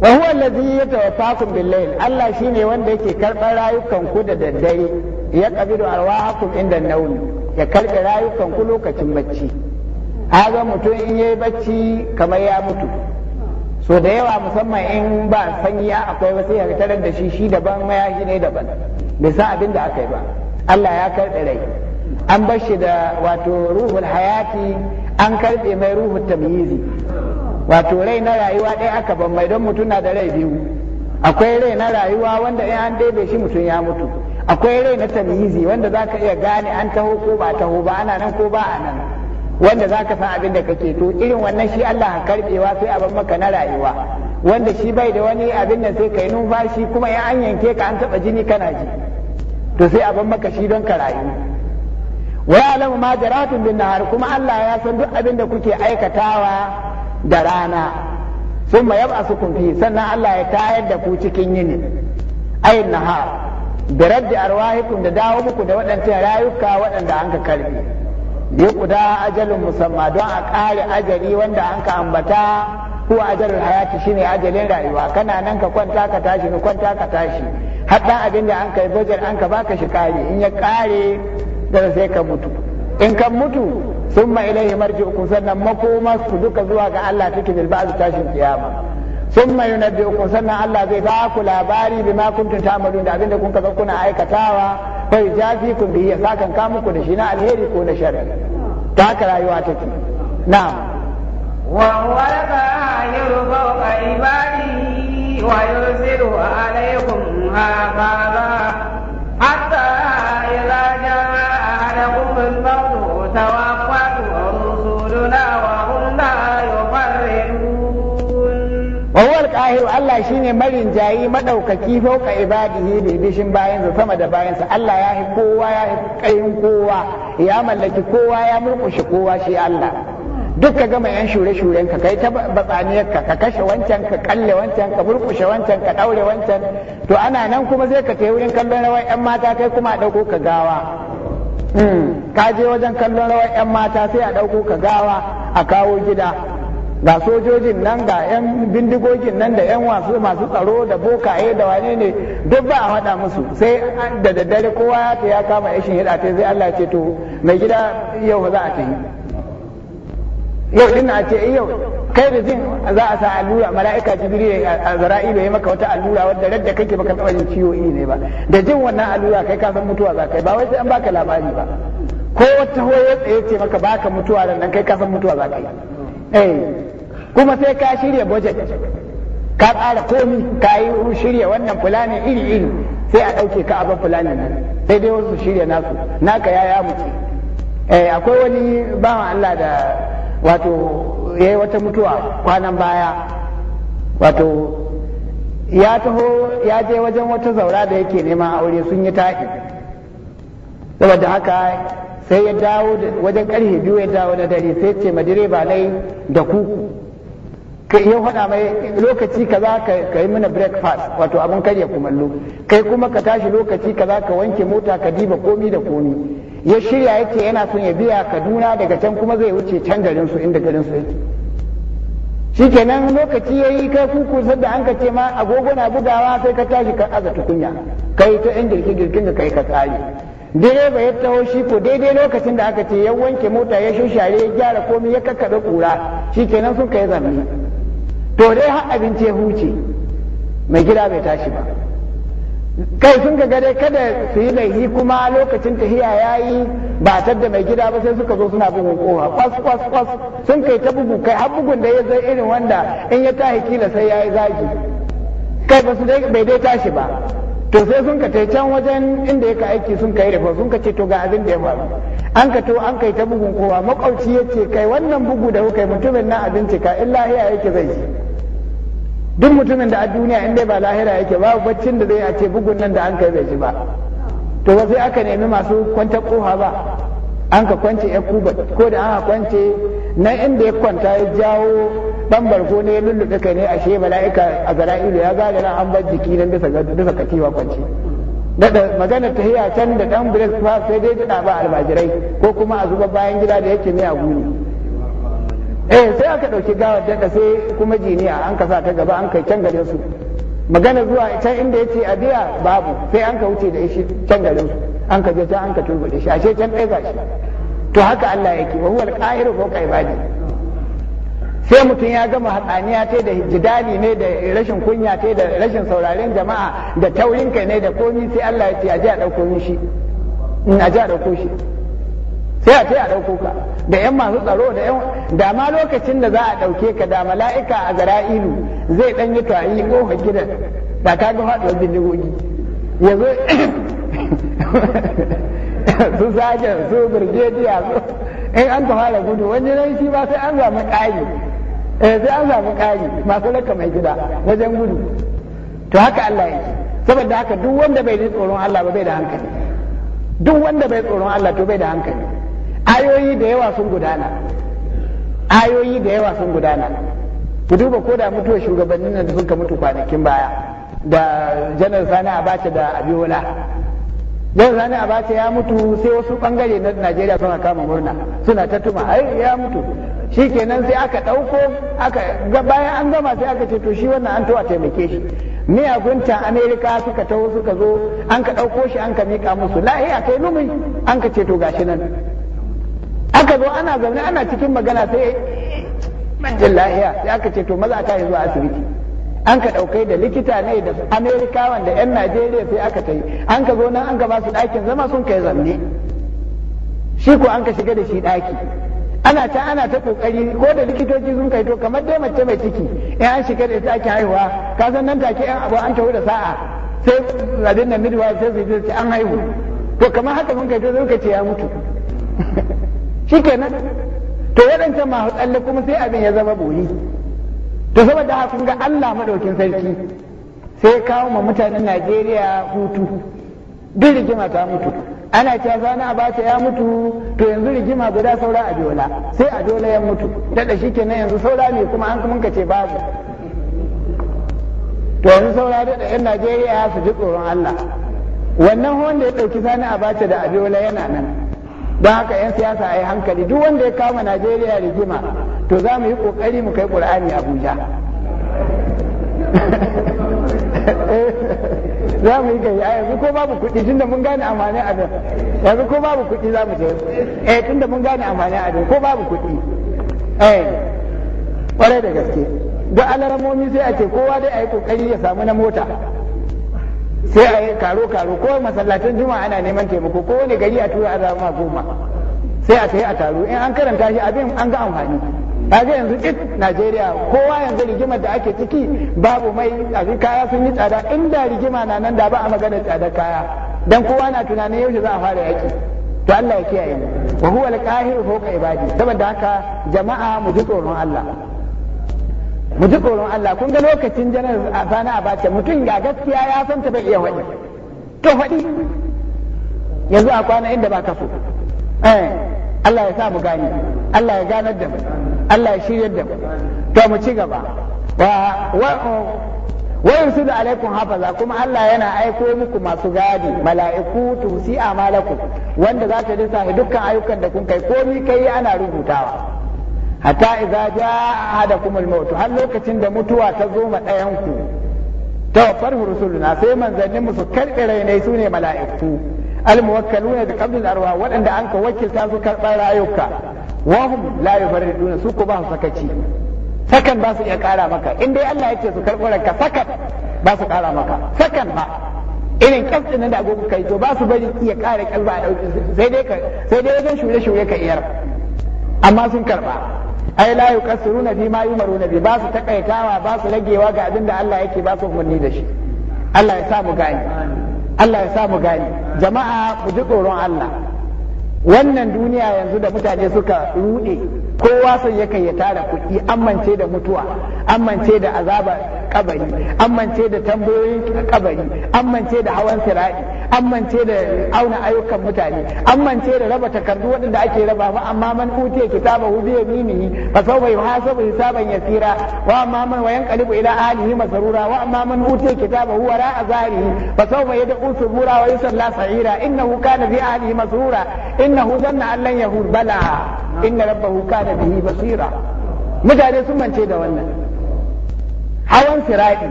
وهو الذي يتوفاكم بالليل الله شيني أرواحكم عند النوم ya karɓe rayukan ku lokacin bacci haga mutum in yi bacci kamar ya mutu so da yawa musamman in ba sanyi ya akwai wasu ya tarar da shi shi daban maya shi ne daban bai san abin da aka yi ba Allah ya karɓe rai an bar shi da wato ruhul hayati an karɓe mai ruhul tamyizi wato rai na rayuwa ɗaya aka ban mai don mutum na da rai biyu akwai rai na rayuwa wanda in an ɗebe shi mutum ya mutu akwai rai na tamyizi wanda za ka iya gane an taho ko ba taho ba ana nan ko ba a nan wanda za ka san abin da kake to irin wannan shi Allah karbewa sai abin maka na rayuwa wanda shi bai da wani abin da sai kai numfashi kuma ya an yanke ka an taba jini kana ji to sai abin maka shi don ka rayu wa ya'lamu ma jaratun bin nahar kuma Allah ya san duk abin da kuke aikatawa da rana sun ma yab'asukum fi sannan Allah ya tayar da ku cikin yini ayin nahar da raddi arwahikum da dawo muku da waɗancan rayuka waɗanda an ka karbe bi kuda ajalin musamma don a ƙare ajali wanda an ka ambata ko ajalin hayati shine ajalin rayuwa kana nan ka kwanta ka tashi ka kwanta ka tashi har abin da an kai bajar an ka baka shi ƙari in ya ƙare dan sai ka mutu in ka mutu sun summa ilaihi marji'ukum sannan makoma su duka zuwa ga Allah take bil ba'd tashin kiyama sun mai yunabi sannan Allah zai ba ku labari bi ma kuntum ta'malun da abinda kun kaza kuna aikatawa fa jafi kun bi ya sakan ka muku da shi na alheri ko na sharri ta haka rayuwa take na'am wa huwa qahiru fawqa ibadihi wa yursilu alaykum hafaza hatta idza jaa ahadakum al-maut tawaffatu rusuluna wa wawar ƙahiru Allah shi ne marin jayi maɗaukaki fauka ibadihi bayan su sama da bayansa Allah ya yi kowa ya yi ƙayin kowa ya mallaki kowa ya murƙushe kowa shi Allah duk ka gama yan shure-shuren ka kai ta batsaniyar ka ka kashe wancan ka kalle wancan ka murƙushe wancan ka ɗaure wancan to ana nan kuma zai ka tayi wurin kallon rawar yan mata kai kuma a ɗauko ka gawa hmm, ka je wajen kallon rawar yan mata sai a ɗauko ka gawa a kawo gida ga sojojin nan ga 'yan bindigogin nan da 'yan wasu masu tsaro da bokaye da wane ne duk ba a faɗa musu sai da daddare kowa ya ta ya kama yashin hida ta zai Allah ce to mai gida yau za a ta yi yau din a ce eh, yau kai da jin za a sa allura mala'ika jibiri a zara'i bai maka wata allura wadda radda kake baka taba yin ciwo ne ba da jin wannan allura kai ka san mutuwa za kai ba wai sai an baka labari ba ko wata hoye tsaye ce maka baka mutuwa nan kai ka san mutuwa za kai Eh, kuma sai ka shirya budget ka tsara komi ka yi shirya wannan fulani iri iri sai a ɗauke ka a abin fulani nan sai dai wasu shirya nasu naka ya ya mutu eh, akwai wani bawan Allah da wato ya yi wata mutuwa kwanan baya wato ya taho ya je wajen wata zaura da yake nema aure sun yi tahi saboda haka sai ya dawo wajen karfe biyu ya dawo na dare sai ce ma direba lai da ku ka iya faɗa mai lokaci kaza ka yi mana breakfast wato abin karya kumallo kai kuma ka tashi lokaci kaza ka wanke mota ka diba komi da komi ya shirya yake yana son ya biya kaduna daga can kuma zai wuce can garin su inda garin su yake shikenan lokaci yayi kai kuku sadda an ka ce ma agogo na bugawa sai ka tashi ka aza tukunya kai ta inda girkin da kai ka tsare direba ya taho shi ko daidai lokacin da aka ce ya wanke mota ya shushare ya gyara komai ya kakkaɓe kura kenan sun kai zanni to dai har abinci ya huce mai gida bai tashi ba kai sun ga dai kada su yi laifi kuma lokacin tahiya ya yi ba da mai gida ba sai suka zo suna bugun kofa kwas kwas kwas sun kai ta bugu kai har bugun da ya zai irin wanda in ya tahi kila sai ya yi zagi kai ba su bai dai tashi ba to sai sun ka can wajen inda yake aiki sun kai rifa sun ka ce to ga abin da ya faru an ka to an kai ta bugun kowa makwabci ya ce kai wannan bugu da kuka mutumin na abinci ka in lahira yake zai yi duk mutumin da a duniya in dai ba lahira yake babu baccin da zai a ce bugun nan da an kai bai ji ba to ba sai aka nemi masu kwanta koha ba an ka kwance ya kuba ko da an kwance na inda ya kwanta ya jawo dan barko ne ya lullube kai ne ashe mala'ika a zara'ilu ya ga na an bar jiki nan bisa bisa katiwa kwance daɗa magana ta hiya can da ɗan break fa sai dai daɗa ba albajirai, ko kuma a zuba bayan gida da yake ne a guri eh sai aka ɗauki gawar daɗa sai kuma jiniya an ka sa ta gaba an kai can garin su magana zuwa can inda yace a biya babu sai an ka wuce da shi can garin su an ka je ta an ka turbude shi ashe can ɗaya gashi to haka Allah yake wa huwal qahir fawqa ibadi sai mutum ya gama hatsaniya ta da jidali ne da rashin kunya ta da rashin sauraren jama'a da taurin kai ne da komi sai Allah ya ce a je a dauko shi in a je a dauko shi sai a ce a dauko ka da yan masu tsaro da yan da ma lokacin da za a dauke ka da mala'ika a zara'ilu zai dan yi tawayi ko gidan da ka ga faɗuwar bindigogi yanzu *laughs* su sake su birgediya su in an ta fara gudu wani nan shi ba sai an samu ƙari eh sai an samu ƙari masu laka mai gida wajen gudu to haka Allah ya ce saboda haka duk wanda bai ji tsoron Allah ba bai da hankali duk wanda bai tsoron Allah to bai da hankali ayoyi da yawa sun gudana ayoyi da yawa sun gudana ku duba ko da mutuwar shugabannin da suka mutu kwanakin baya da janar sani abace da abiola yau sani bace ya mutu sai wasu bangare na najeriya suna kama murna suna ta tuma ai ya mutu shi kenan sai aka dauko aka bayan an gama sai aka ce to shi wannan an to taimake shi a gunta amerika suka taho suka zo an ka dauko shi an ka miƙa musu lahiya kai lumi an ka ce to gashi nan aka zo ana zaune ana cikin magana sai jin lahiya sai aka ce to maza ta yi zuwa asibiti an ka ɗaukai da likita ne da amerikawan da 'yan najeriya sai aka ta yi an ka zo nan an ka ba su ɗakin zama sun kai zanne. shi ko an ka shiga da shi ɗaki ana ta ana ta kokari ko da likitoci sun kai to kamar dai mace mai ciki in an shiga da ɗakin haihuwa ka san nan take yan abu an ta da sa'a sai radin nan midwa sai su ce an haihu to kamar haka mun kai to zai ce ya mutu *laughs* shikenan to waɗancan masu tsalle kuma sai abin ya zama boye to saboda haka kun ga Allah madaukin sarki sai kawo ma mutanen Najeriya hutu duk rigima ta mutu ana cewa zana ta ya mutu to yanzu rigima guda saura a dola sai a dola ya mutu dada shikenan yanzu saura ne kuma an kuma ce babu to yanzu saura dada yan Najeriya su ji tsoron Allah wannan da ya dauki zana abacha da adola yana nan don haka 'yan siyasa a yi hankali duk wanda ya kama najeriya rigima to za mu yi kokari mu kai ƙur'ani abuja *laughs* za mu yi gari a yanzu ko babu kuɗi tun da mun gane amfani abin yanzu ko babu kuɗi za mu je eh tun da mun gane amfani abin ko babu kuɗi eh ƙwarai da gaske duk alaramomi sai a ce kowa dai a yi ƙoƙari ya samu na mota sai a yi karo karo ko masallacin juma'a ana neman taimako ko wani gari a tura azama goma sai a sai a taro in an karanta shi abin an ga amfani kaga yanzu duk Najeriya kowa yanzu rigimar da ake ciki babu mai abin kaya sun yi tsada inda rigima na nan da ba a magana tsada kaya dan kowa na tunanin yaushe za a fara yaki to Allah ya kiyaye mu wa huwa al-qahiru fawqa ibadi saboda haka jama'a mu ji tsoron Allah mu ji tsoron Allah kun ga lokacin janar a bace mutum ga gaskiya ya san ta bai iya faɗi to faɗi yanzu a kwana inda ba ka so eh Allah ya sa mu gani Allah ya ganar da mu Allah ya shiryar da mu to mu ci gaba wa wa su da alaikun hafaza kuma Allah yana aiko muku masu gadi mala'iku tusi'a malaku, wanda za ta dinsa dukkan ayyukan da kun kai komi kai ana rubutawa hatta idza jaa ahadakum al-maut har lokacin da mutuwa ta zo ma ɗayan ku tawaffar rusuluna sai manzannin mu su karɓe rainai su ne mala'iku al-muwakkaluna bi qabdil arwa waɗanda an ka wakilta su karɓar rayuka Wahum hum la yufarriduna su ku ba su sakaci sakan ba su iya ƙara maka in dai Allah ya ce su karɓo ranka sakan ba su ƙara maka sakan ba irin kafin nan da agogo kai to ba su bari iya ƙara kalba a ɗauki sai dai ya wajen shure-shure ka iyar amma sun karɓa ai la yuqassiruna fi ma yumaruna bi ba takaitawa ba ragewa ga abin da Allah yake ba su umarni da shi Allah ya sa mu gani Allah ya sa mu gani jama'a ku ji tsoron Allah wannan duniya yanzu da mutane suka rude kowa sun yakan ya tara kuɗi amince da mutuwa amince da azaba kabari amince da tambayoyin kabari amince da hawan sira'i amince da auna ayyukan mutane amince da raba takardu waɗanda ake raba ba amma man utiya kitaba hu bi yaminihi fa sawfa yuhasabu hisaban yasira wa amma man wayanqalibu ila ahlihi masrura wa amma man utiya kitaba hu wara azarihi fa sawfa yad'u subura wa yusalla sa'ira innahu kana bi ahlihi masrura innahu zanna an lan yahur bala inna rabbahu kana bihi basira mutane sun mance da wannan hawan siradi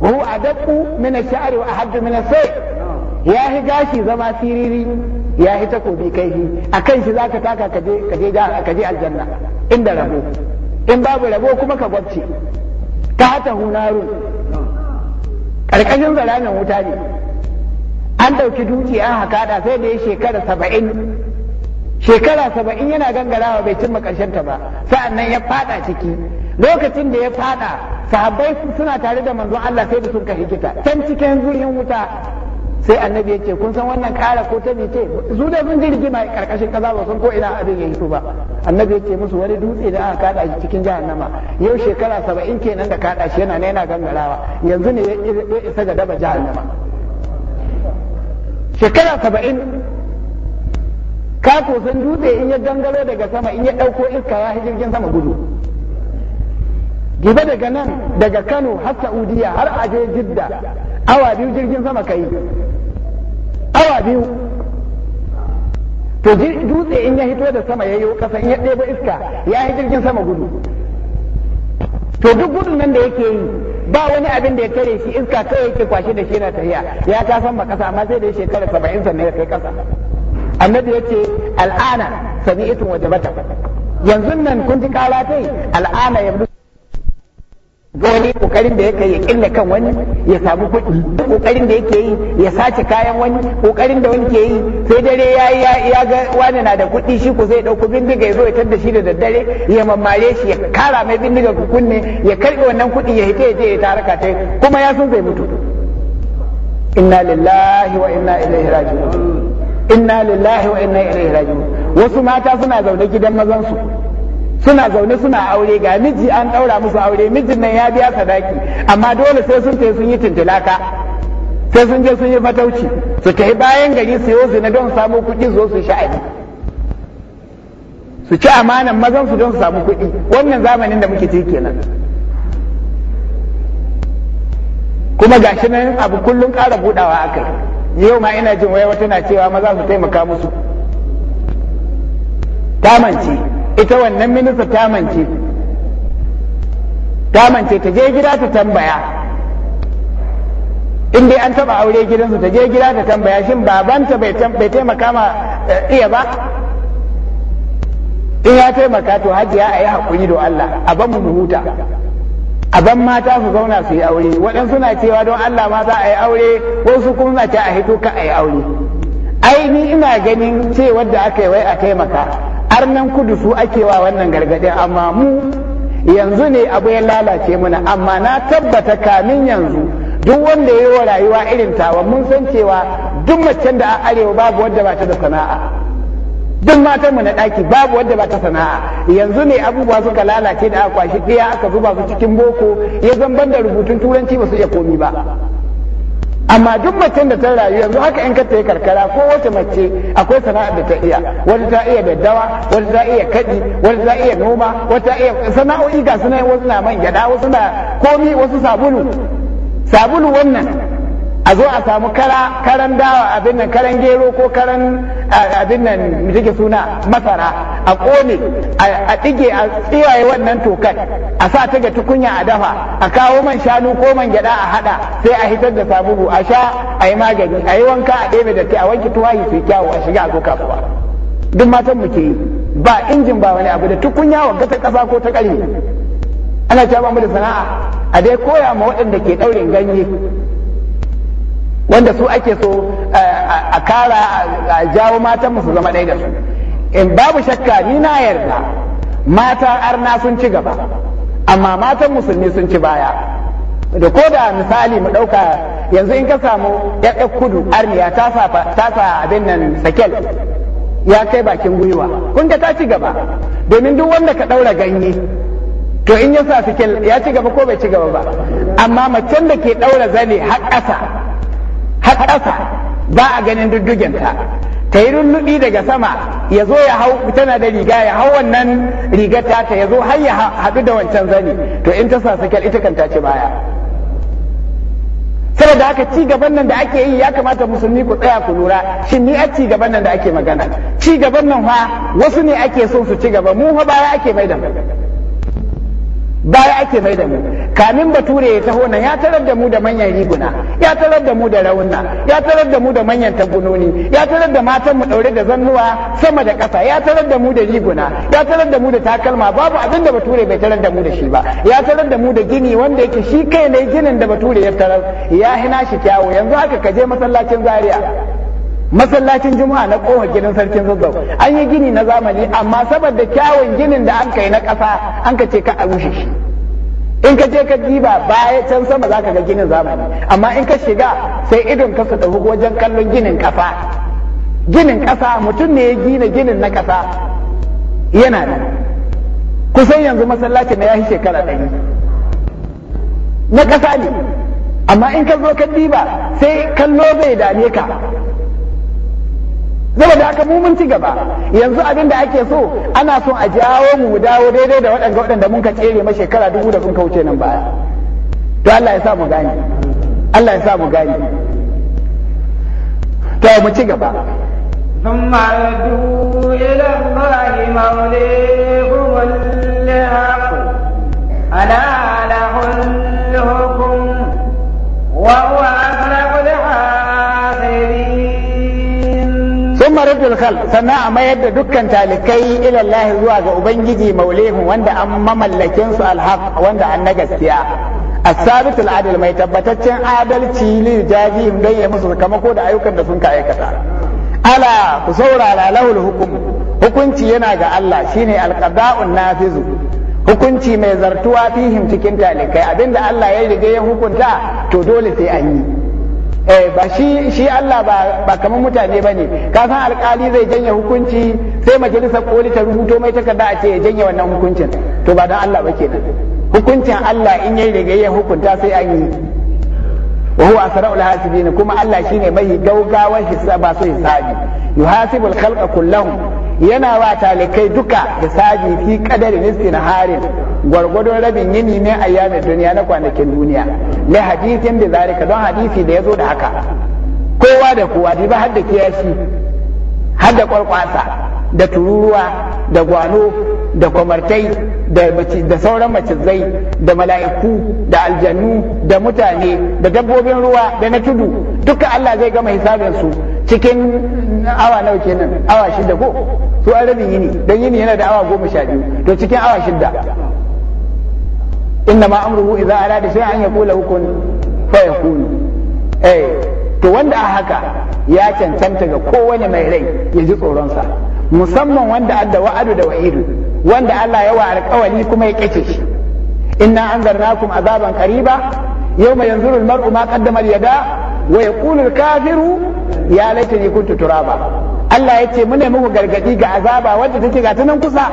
wa huwa dab'u min ash-sha'r wa ahad min as-sayf ya hi gashi zama siriri ya hi takobi kai akan shi zaka taka kaje kaje kaje aljanna inda rabo in babu rabo kuma ka gwabce ka hata hunaru, karkashin zalamin wuta ne an ɗauki duki an haka da sai da ya shekara saba'in shekara saba'in yana gangarawa bai cimma ƙarshen ta ba sa'annan ya fada ciki lokacin da ya fada sahabbai suna tare da manzon Allah sai da sun ka hijita. can cikin zurhin wuta sai annabi ya ce kun san wannan kara ko ta ce su da sun jirgi mai karkashin kaza ba sun ko ina abin ya hito ba annabi ya ce musu wani dutse da aka kada shi cikin jahannama yau shekara saba'in kenan da kada shi yana yana gangarawa yanzu ne ya isa ga daba jahannama shekara saba'in ka san dutse in ya gangaro daga sama in ya ɗauko iska ya hijirgin sama gudu gibe daga nan daga Kano har Saudiya har a je Jidda awa biyu jirgin sama kai awa biyu to dutse in ya hito da sama yayyo kasa in ya ɗebo iska ya yi jirgin sama gudu to duk gudun nan da yake yi ba wani abin da ya kare shi iska kawai yake kwashe da shi na tafiya ya ta san kasa amma sai da shekara saba'in sannan ya kai kasa annabi ya ce al'ana sami'itun wajabata yanzu nan kun ji karatai al'ana ya wani kokarin da yake ya killa kan wani ya samu kuɗi kokarin da yake yi ya sace kayan wani kokarin da wani ke yi sai dare ya ya ga wani na da kuɗi shi ku zai ɗauko bindiga ya zo ya tada shi da daddare ya mamare shi ya kara mai bindiga ku kunne ya karɓe wannan kuɗi ya hita ya je ya taraka ta kuma ya sun zai mutu inna lillahi wa inna ilaihi raji'un inna lillahi wa inna ilaihi raji'un wasu mata suna zaune gidan mazan su suna zaune suna aure ga miji an ɗaura musu aure mijin nan ya biya sadaki amma dole sai sun kai sun yi tuntilaka sai sun je sun yi matauci su kai bayan gari su yi zina don samu kuɗi zo su sha'ani su ci amanan mazan su don su samu kuɗi wannan zamanin da muke ciki kenan kuma gashi nan abu kullum ƙara buɗawa akai yau ma ina jin waya tana cewa maza su taimaka musu ta mance ita wannan minista ta mance ta mance ta je gida ta tambaya in dai an taba aure gidansu ta je gida ta tambaya shin babanta bai taimaka ma eh, iya ba in ya taimaka to hajiya a yi haƙuri da Allah a ban mu huta a ban mata su zauna su yi aure waɗansu na cewa don Allah ma za a yi aure wasu kuma na ta a hito ka a yi aure ai ni ina ganin ce wadda aka yi wai a taimaka arnan kudu su ake wa wannan gargaɗin amma mu yanzu ne abu ya lalace mana amma na tabbata kamin yanzu duk wanda ya yi wa rayuwa irin tawa mun san cewa duk macen da an arewa babu wadda ba ta da sana'a duk matan mu na ɗaki babu wadda ba ta sana'a yanzu ne abubuwa suka lalace da aka kwashi ɗaya aka zuba su cikin boko ya zamban da rubutun turanci ba su iya komi ba amma duk macen da ta rayu yanzu haka in ka tafi karkara ko wata mace akwai sana'ar da ta iya wani ta iya daddawa wani ta iya kadi wani ta iya noma wani ta iya sana'o'i ga sana'o'i wasu na man gyada wasu na komi wasu sabulu sabulu wannan a zo a samu kara karan dawa abin nan karan gero ko karan abin nan take suna masara a kone a dige a tsiwaye wannan tokan a sa ta ga tukunya a dafa a kawo man shanu ko man gyada a hada sai a hitar da sabulu a sha a yi magani a yi wanka a ɗebe da a wanki tuwayi sai kyawu a shiga a zo kasuwa duk matan muke yi ba injin ba wani abu da tukunya wa ta kasa ko ta ƙarfe ana cewa mu da sana'a a dai koya ma waɗanda ke ɗaurin ganye wanda su ake so eh, a kara a jawo matan su zama ɗaya da su in babu shakka ni na yarda mata arna sun ci gaba amma matan musulmi sun ci baya da ko da misali mu ɗauka yanzu in ka samu ya kudu arniya ta sa abin nan sakel ya kai bakin gwiwa kun ta ci gaba domin duk wanda ka ɗaura ganye to in yasa sa sakel ya ci gaba ko bai ci gaba ba amma macen da ke ɗaura zane har ƙasa har ƙasa ba a ganin dudduginta ta yi lullubi daga sama ya zo ya hau tana da riga ya hau wannan rigar ta ya zo har ya haɗu da wancan zani to in ta sa sakal ita kan ta ci baya saboda haka ci gaban nan da ake yi ya kamata musulmi ku tsaya ku lura shin ni a ci gaban nan da ake magana ci gaban nan fa wasu ne ake son su ci gaba mu fa baya ake mai da baya ake mai da mu kamin bature ya taho nan ya tarar da mu da manyan riguna ya tarar da mu da rauna ya tarar da mu da manyan tagunoni ya tarar da matan mu daure da zannuwa sama da ƙasa ya tarar da mu da riguna ya tarar da mu da takalma babu abin da bature bai tarar da mu da shi ba ya tarar da mu da gini wanda yake shi kai ne ginin da bature ya tarar ya hina shi kyawu yanzu haka ka je masallacin zaria masallacin juma'a na kowa gidan sarkin zazzau an yi gini na zamani amma saboda kyawun ginin da an kai na ƙasa an ka ce ka a rushe shi in ka je ka diba baya can sama za ka ga ginin zamani amma in ka shiga sai idon ka su tafi wajen kallon ginin ƙasa ginin ƙasa mutum ne ya gina ginin na ƙasa yana nan kusan yanzu masallacin na ya yi shekara ɗari na ƙasa ne amma in ka zo ka diba sai kallo bai dame ka saboda haka mu mun ci gaba yanzu abin da ake so ana so a jawo mu mu dawo daidai da waɗanda waɗanda mun ka tsere ma shekara dubu da sun wuce nan baya to Allah ya sa mu gane Allah ya sa mu gane to mu ci gaba ثم ردوا إلى الله موليهم الحق ألا له الحكم وهو raddul khal sannan a mayar da dukkan talikai ila Allah zuwa ga ubangiji maulihun wanda an mamallakin su alhaq wanda an na gaskiya asabitul adil mai tabbataccen adalci li jazihim dan ya musu sakamako da ayyukan da sun ka aikata ala ku saurara lahul hukum hukunci yana ga Allah shine alqada'un nafizu hukunci mai zartuwa fihim cikin talikai abinda Allah ya riga ya hukunta to dole sai an yi eh ba shi shi Allah ba ba kamar mutane bane ka san alkali zai janye hukunci sai majalisar koli ta rubuto mai takarda a ce ya janye wannan hukuncin to ba dan Allah ba kenan hukuncin Allah in yayi daga ya hukunta sai an yi wa huwa asra'ul hasibin kuma Allah shine mai gaugawar hisaba so hisabi yuhasibul khalqa kullahum yana wa talikai duka da hisabi fi qadarin harin gwargwadon rabin yini ne a yanar duniya na kwanakin duniya mai hadisin da ka don hadisi da ya zo da haka kowa da kowa ba har da kiyashi har da kwarkwasa da tururuwa da gwano da kwamartai da sauran macizai da mala'iku da aljanu, da mutane da dabbobin ruwa da na tudu duka Allah zai gama hisabinsu cikin awa nawa kenan awa shida ko su an rabin yini don yini yana da awa goma sha biyu to cikin awa shida inna ma amruhu idza arada shay'an yaqulu kun fayakun eh to wanda a haka ya cancanta ga kowane mai rai ya ji tsoronsa musamman wanda adda wa'adu da wa'idu wanda Allah ya wa alƙawari kuma ya kace shi inna anzarnakum azaban qariba yawma yanzuru almar'u ma qaddama yada wa yaqulu alkafiru ya laitani kuntu turaba Allah ya ce muna muku gargadi ga azaba wanda take ga nan kusa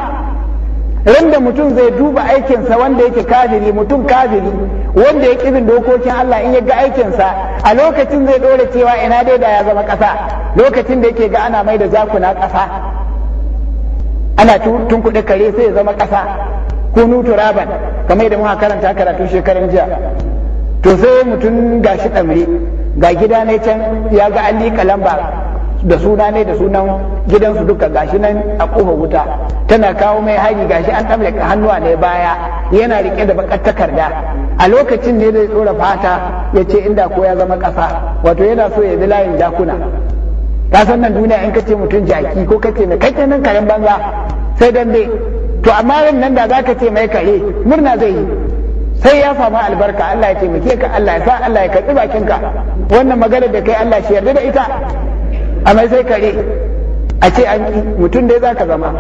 Randa mutum zai duba aikinsa wanda yake kafiri mutum kafiri wanda ya kibin dokokin Allah in ya ga aikinsa a lokacin zai dore cewa ina dai da ya zama ƙasa lokacin da yake ga ana mai da zakuna ƙasa ana tun kuɗi kare sai ya zama ƙasa ko kunu turaban kamar da muka karanta karatu shekaran jiya to sai mutum ga shi ɗamri ga gida ne can ya ga an liƙa lamba da suna ne da sunan gidansu duka gashi nan a kofa wuta tana kawo mai hari gashi an ɗamre hannuwa ne baya yana riƙe da baƙar takarda a lokacin ne zai tsora fata ya ce inda ko ya zama ƙasa wato yana so ya bi layin jakuna. ka san nan duniya in kace mutum jaki ko kace mai kai nan karen banza sai dai to amma ran nan da za ka ce mai kare murna zai yi sai ya samu albarka Allah ya taimake ka Allah ya sa Allah ya karbi bakinka wannan magana da kai Allah shi yarda da ita amma sai kare a ce an ki mutum dai zaka zama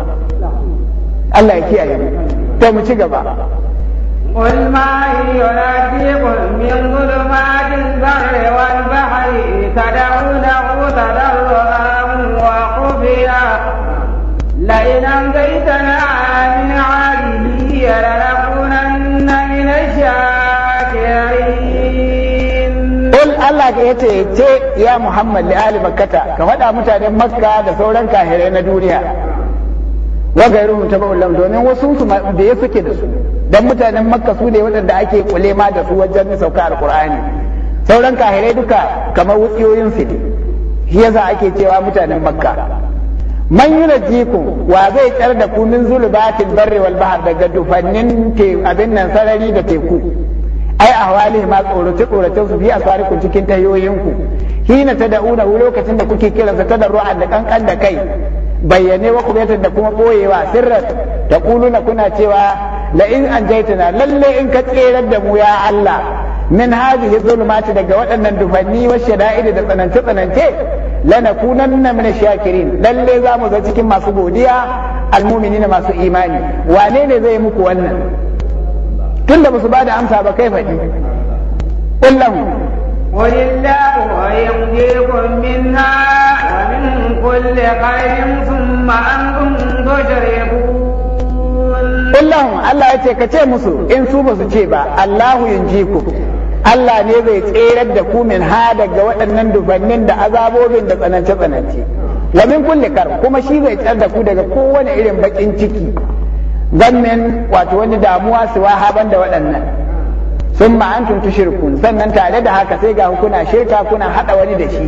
Allah ya kiyaye mu to mu ci gaba قل ما هي يناديكم من ظلمات البر والبحر كدعونا Allah ka yace ce ya Muhammad li ali makkata ka faɗa mutanen makka da sauran kahirai na duniya wa ga ruhum tabawlam domin wasu su da suke da su dan mutanen makka su ne waɗanda ake kulema da su wajen sauka alqur'ani sauran kahirai duka kamar wutsiyoyin su ne shi yasa ake cewa mutanen makka man jiku wa zai tsar da ku min zulubatin barri wal daga dufannin abin nan sarari da teku ai ahwali ma tsorace tsorace su bi asarikun cikin tayoyinku hina tad'una lokacin da kuke kiransa tadarru'an da kankan da kai bayyane wa kubaitan da kuma boyewa sirran ta kuluna kuna cewa la in anjaytana lalle in ka tserar da mu ya Allah min hadhihi zulumati daga waɗannan dufanni wa shada'id da tsanance tsanance lanakunanna min shakirin lalle za mu ga cikin masu godiya almu'minina masu imani wane ne zai muku wannan tunda ba bada amsa ba kai faɗi kullahu ولله منها كل خير ثم أنتم تجربون in su الله su ba إن سوبة سوبة Allah ne zai tserar da ku min ha daga waɗannan dubannin da azabobin da tsanance-tsanance wa min kulli kar kuma shi zai tsar da ku daga kowane irin bakin ciki gannin wato wani damuwa su haban da waɗannan sun ma'antun tushirkun sannan tare da haka sai ga kuna shirka kuna haɗa wani da shi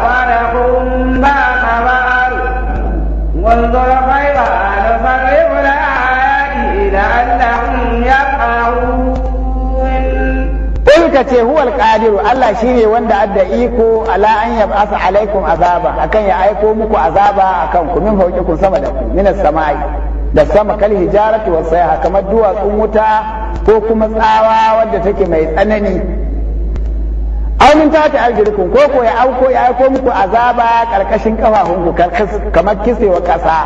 suka ce huwal qadiru Allah shine wanda adda iko ala an yab'asa alaikum azaba akan ya aiko muku azaba akan ku min fauqikum sama da ku minas sama'i da sama kal hijaratu was sayha kamar duwatsun wuta ko kuma tsawa wadda take mai tsanani aunin min tati arjulikum ko ko ya auko ya aiko muku azaba karkashin kafafun kamar kisewa kasa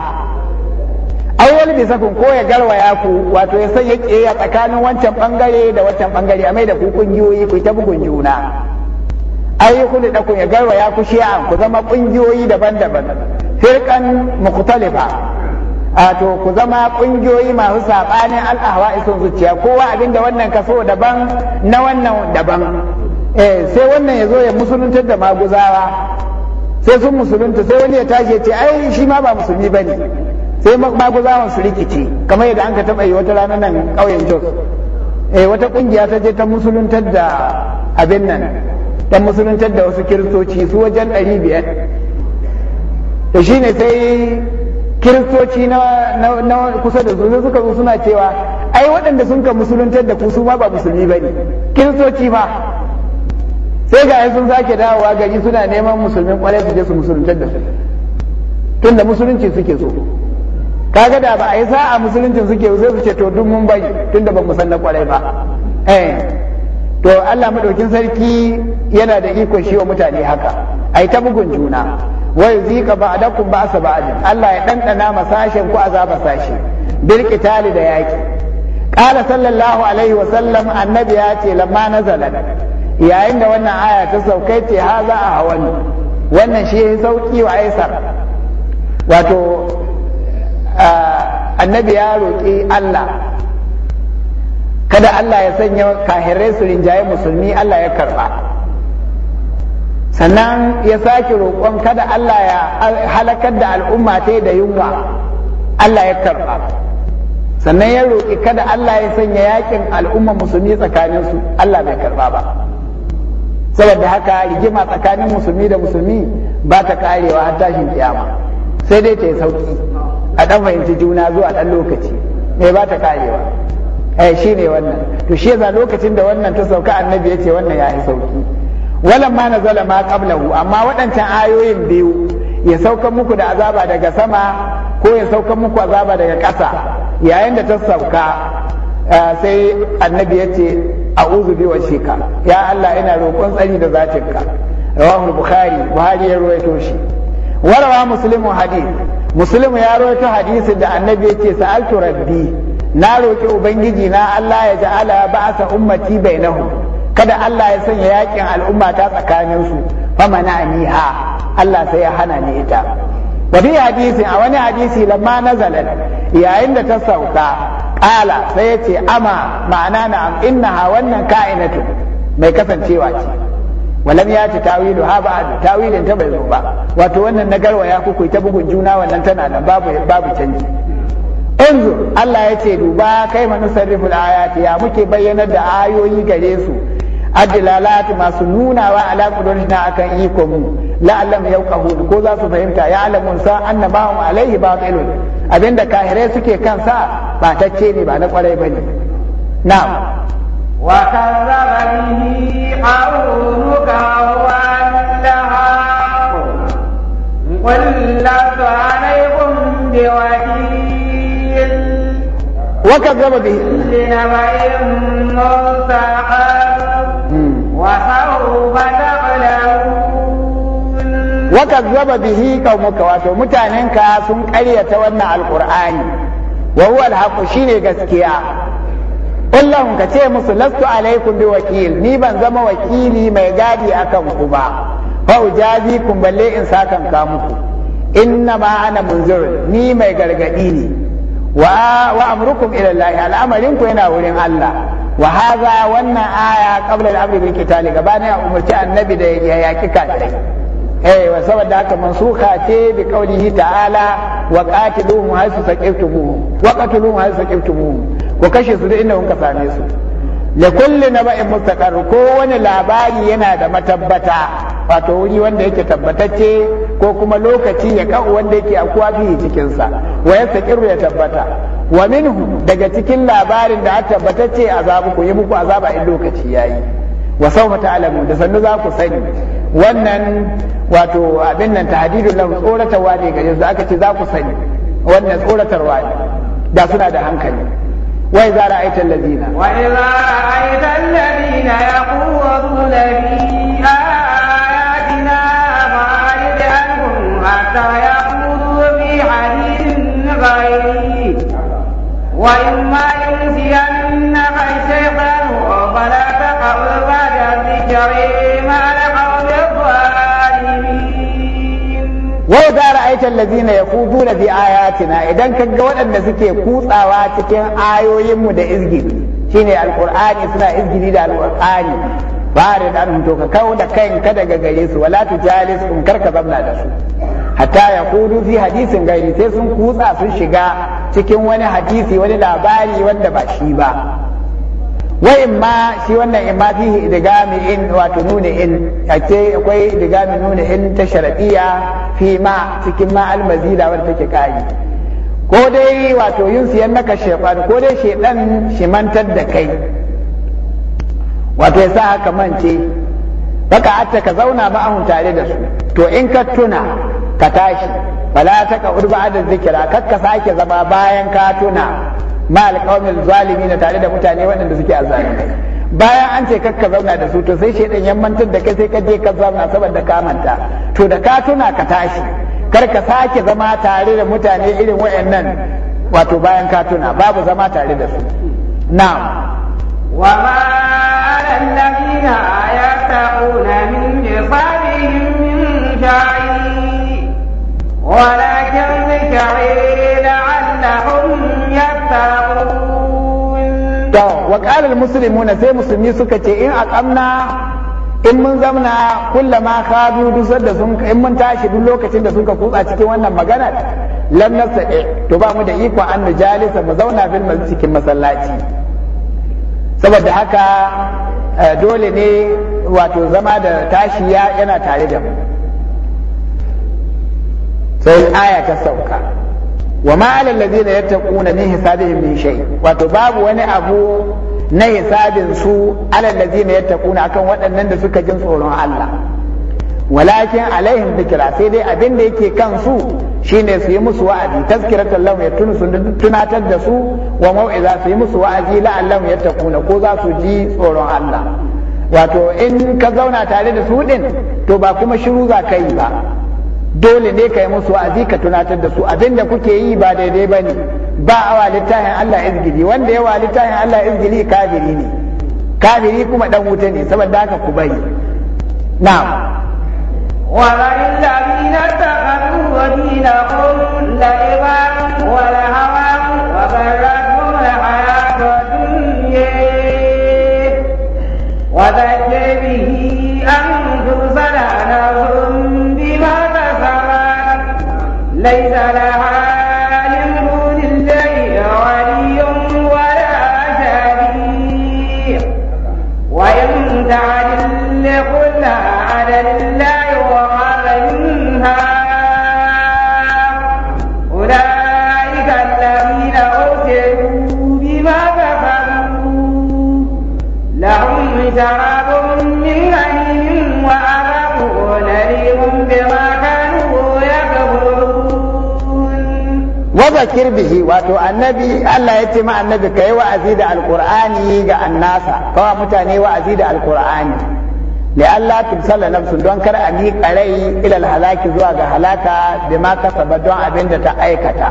wani bai sakun ko ya garwaya ku wato ya sanya ya tsakanin wancan bangare da wancan bangare a mai da ku kungiyoyi ku ta bugun juna ai ku da ku ya garwaya ku shi'a ku zama kungiyoyi daban-daban firkan mukhtalifa to ku zama kungiyoyi masu sabanin al'ahwa isun zuciya kowa abinda wannan kaso daban na wannan daban eh sai wannan ya zo ya musuluntar da maguzawa sai sun musulunta sai wani ya tashi ya ce ai shi ma ba musulmi bane sai maguzawan su rikici, kamar yadda an ka taɓa yi wata rana nan ƙauyen jos eh wata ƙungiya ta je ta musuluntar da abin nan ta musuluntar da wasu kiristoci su wajen ɗari biyar da shi ne sai kiristoci na kusa da su suka zo suna cewa ai waɗanda sun ka musuluntar da ku su ma ba musulmi ba ne kiristoci ma sai ga sun sake dawowa gari suna neman musulmin kwarai su je su musuluntar da su tunda musulunci suke so kaga da ba a yi sa'a musuluncin suke sai su ce to duk mun bai tunda ba mu san na kwarai ba eh to Allah madaukin sarki yana da ikon shi wa mutane haka ai ta bugun juna wa yuzika ba'dakum ba'sa ba'd Allah ya dandana masashen ku azaba sashi bil qitali da yaki Ƙara sallallahu alaihi wa sallam annabi ya ce lamma nazalat yayin da wannan aya ta saukai ce haza a wannan shi ya sauki wa aisar wato Ah, annabi ya roƙi Allah kada Allah ya sanya kahirai su rinjaye musulmi Allah ya karɓa sannan ya sake roƙon kada Allah ya halakar da al'umma ta da yunwa Allah ya karɓa sannan ya roƙi kada Allah ya sanya yakin al'umma musulmi tsakaninsu Allah bai karɓa ba saboda haka rigima tsakanin musulmi da musulmi ba ta karewa har tashin kiyama sai dai ta yi sauki a ɗan fahimci juna zuwa ɗan lokaci mai ba ta karewa eh shi ne wannan to shi yasa lokacin da wannan ta sauka annabi ya ce wannan ya yi sauki walan ma zala ma qablahu amma waɗancan ayoyin biyu ya sauka muku da azaba daga sama ko ya sauka muku azaba daga ƙasa yayin da ta sauka eh, sai annabi ya ce a'udhu bi washika ya Allah ina roƙon tsari da zatinka rawahul bukhari buhari ya ruwaito shi warawa musulmi hadith musulmi ya rawaito hadisin da annabi yace sa'altu rabbi na roki ubangiji na Allah ya ja'ala ba'sa ummati bainahu. kada Allah ya sanya yakin al'umma ta tsakanin su fa mana'aniha Allah sai ya hana ni ita wa bi hadisi a wani hadisi lamma nazalat yayin da ta sauka qala sai yace ama ma'ana na innaha wannan ka'inatu mai kasancewa ce walam ya ta tawilu ha ba tawilin ta bai zo ba wato wannan na ya kuku ta bugun juna wannan tana nan babu babu canji Inzu Allah ya ce duba kai ma nusarriful ayati ya muke bayyanar da ayoyi gare su adilalat masu nunawa ala na akan ikon mu ya yauqahun ko za su fahimta ya alamun sa annabahum alaihi batilun abinda kahirai suke kansa batacce ne ba na kwarai bane na'am وكذب به قومك وهو الحق قل لست عليكم بوكيل وكذب به لنبأ مستحق وسوف تعلمون وكذب به قومك واتو متاننك سن قرية wannan alqur'ani wa huwa alhaq shine gaskiya kullum ka ce musu lastu alaikum bi wakil ni ban zama wakili mai gadi akan ku ba fa ujazi kun balle in sakan ka muku inna ma ana munzir ni mai gargadi ne wa wa amrukum ila Allah al'amarin ku yana wurin Allah wa hadha wannan aya qabla al-amri bil qital gabanin ya umarci annabi da ya yaki kafirai eh wa saboda haka mansuka ce bi qaulihi ta'ala wa qatiluhum haythu saqaftumuhum wa qatiluhum haythu saqaftumuhum ku kashe su da inda kun same su li kulli ba'in mustaqar ko wani labari yana da matabbata wato wuri wanda yake tabbatacce ko kuma lokaci ya kawo wanda yake akuwa fi cikin sa wa yastaqiru ya tabbata wa minhu daga cikin labarin da tabbatacce azabu ku yi muku azaba in lokaci yayi wa sawfa ta'lamu da sannu za ku sani wannan wato abin nan tahdidul lahu tsoratarwa ne gare su aka ce za ku sani wannan tsoratarwa ne da suna da hankali وإذا رأيت الذين وإذا رأيت الذين يقولون في آياتنا فأعرض عنهم حتى يقولوا في حديث غيره وإما ينسينك الشيطان فلا تقعد بعد الذكر wai za ra'aita allazina yaquduna bi ayatina idan kaga waɗanda suke kutsawa cikin ayoyin mu da izgi shine alqur'ani suna izgili da alqur'ani bare da an to ka kawo da kanka daga gare su wala tujalis kun karka zamna da su hatta yaqudu fi hadisin gairi sai sun kutsa sun shiga cikin wani hadisi wani labari wanda ba shi ba wa ma shi wannan ma fihi idgami in wato nuna in ake akwai idgami nuna in ta sharadiya fi ma cikin ma almazida wanda take kai ko dai wato yin siyan naka shaytan ko dai shaytan shi mantar da kai wato yasa haka mance baka atta ka zauna ba an tare da su to in ka tuna ka tashi bala ta ka urba da zikira kakka sake zama bayan ka tuna ma alqawmil na tare da mutane waɗanda suke azzalimai bayan an ce kakka zauna da su to sai shedan yammantar da kai sai ka je ka zauna saboda ka manta to da ka tuna ka tashi kar ka sake zama tare da mutane irin waɗannan wato bayan ka tuna babu zama tare da su na'am wa ma alladhina yaqta'una min hisabihim min shay'in ولكن ذكري لعلهم to wa qala almuslimuna sai musulmi suka ce in aqamna in mun zamna kullama khadu dusar da sun in mun tashi duk lokacin da suka kutsa cikin wannan magana lam nastati to ba mu da iko an mu zauna fil masjidin cikin masallaci saboda haka eh, dole ne wato zama da tashi yana tare da mu sai aya ta sauka wa ma alal ladina yattaquna min hisabihim min wato babu wani abu na hisabin su alal ladina yattaquna akan waɗannan da suka jin tsoron Allah walakin alaihim dhikra sai dai abin da yake kansu shine suyi yi musu wa'azi tazkiratul lahum yatunu tunatar da su wa mau'iza suyi musu wa'azi la'allahum yattaquna ko za su ji tsoron Allah wato in ka zauna tare da su ɗin, to ba kuma shiru za ka yi ba dole ne ka yi musu wa'azi ka tunatar da su abinda kuke yi ba daidai ba ne ba a wa littafin Allah izgili wanda ya wa littafin Allah izgili kafiri ne kafiri kuma dan wuta ne saboda haka ku bari na'am wa la'in lamina ta'alu wa ليس لها fadakir bihi wato annabi Allah ya ce ma annabi kai wa'azi da alqur'ani ga annasa kawa mutane wa'azi da alqur'ani li Allah tusalla nafsun don kar a mi karai ila halaki zuwa ga halaka bi ma kasaba don abin da ta aikata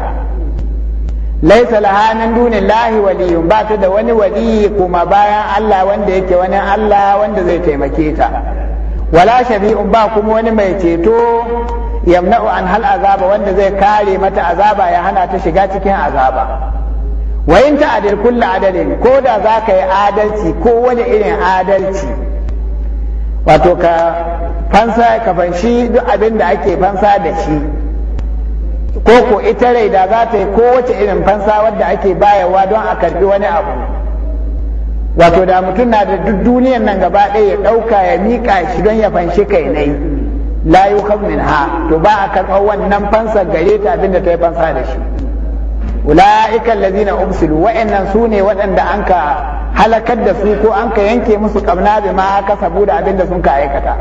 laisa laha min dunillahi waliyun ba ta da wani waliyi kuma bayan Allah wanda yake wani Allah wanda zai taimake ta wala shabi'un ba kuma wani mai ceto yamna'u an hal azaba wanda zai kare mata azaba ya hana ta shiga cikin azaba wa in adil kullu adalin ko da zaka yi adalci ko wani irin adalci wato ka fansa ka fanshi duk abin da ake fansa da shi ko ko ita rai da za ta yi kowace irin fansa wadda ake bayarwa don a karbi wani abu wato da mutum na da duk duniyan nan gaba ɗaya ya ɗauka ya miƙa shi don ya fanshi kai nai la min ha to ba a karɓar wannan fansa gare ta abinda ta yi fansa da shi ulaika allazina ubsilu wa'annan ne waɗanda an ka halakar da su ko an ka yanke musu ƙamna da ma kasabu da abinda sun ka aikata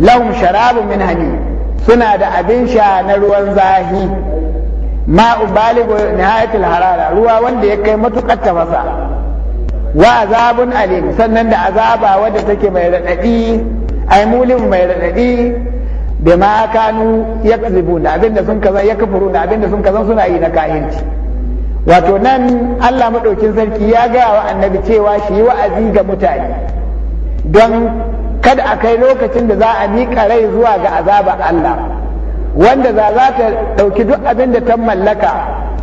lahum sharabu min hani suna da abin sha na ruwan zahi ma ubaligo nihayatul harara ruwa wanda ya kai matukar tafasa wa azabun alim sannan da azaba wadda take mai radadi ai mulim mai raɗaɗi bima kanu yakzibu da abinda sun kaza ya kafuru da abinda sun kaza suna yi na kahinci wato nan Allah madaukin sarki ya gaya wa annabi cewa shi yi wa'azi ga mutane don kada a kai lokacin da za a miƙa rai zuwa ga azaba Allah wanda za za ta ɗauki duk abin da ta mallaka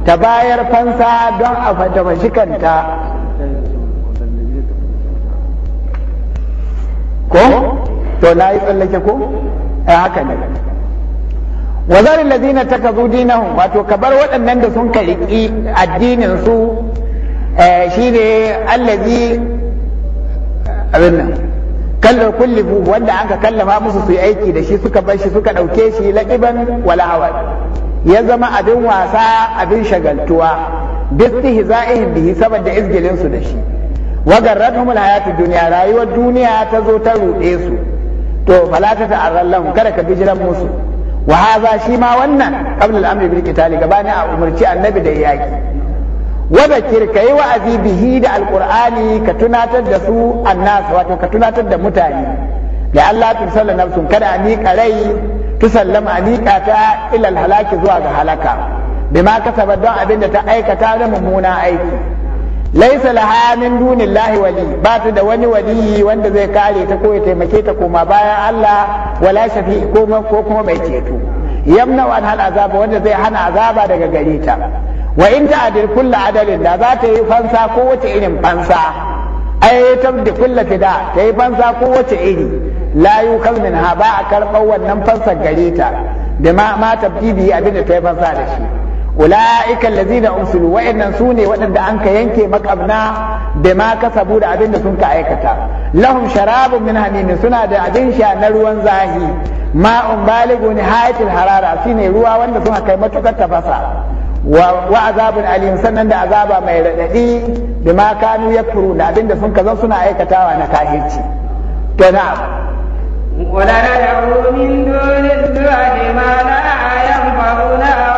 ta bayar fansa don a fantamashi mashikanta. ko to na yi tsallake ko a eh, haka ne wazar lazina ta kazu dinahun wato kabar waɗannan da sun kariki addinin su eh, shi ne allazi abin nan kallar kullifu wanda aka kallama musu su yi aiki da shi suka bar shi suka ɗauke shi laƙiban wala ya zama abin wasa abin shagaltuwa bistihza'ihim bihi saboda izgilin su da shi wa garratuhum alhayatud dunya rayuwar duniya ta zo ta ruɗe su to fala ta ta'arrallahum kada ka bijiran musu wa hadha shi ma wannan qabla al-amri bil qitali gabani a umarci annabi da yaki wa bakir kai wa bihi da alqur'ani ka tunatar da su annas wato ka tunatar da mutane da Allah tun salla nafsun kada a miƙa rai tu sallama a miƙa ta ilal halaki zuwa ga halaka bima kasaba don abin da ta aikata da mummuna aiki laisa laha min dunillahi wali ba su da wani wali wanda zai kare ta ko ya taimake ta koma bayan Allah wala shafi ko kuma mai ceto yamna wa hal azaba wanda zai hana azaba daga gare ta wa in ta adil kullu adalin da za ta yi fansa ko wace irin fansa ai ta da kullu fida ta yi fansa ko wace iri la yukal ha ba a karɓar wannan fansar gare ta da ma tabbibi abin da ta yi fansa da shi ula'ika allazina umsilu wa'annan sune waɗanda an ka yanke makabna da ma kasabu da abin sun ka aikata lahum sharabun min hamimin suna da abin sha na ruwan zahi ma'un baligu nihayatil harara shine ruwa wanda sun kai matukar tafasa wa azabun alim sannan da azaba mai raɗaɗi da ma kanu yakfuru da abin da sun kazan suna aikatawa na kahirci to na'am ولا ندعو من دون الله ما لا ينفعنا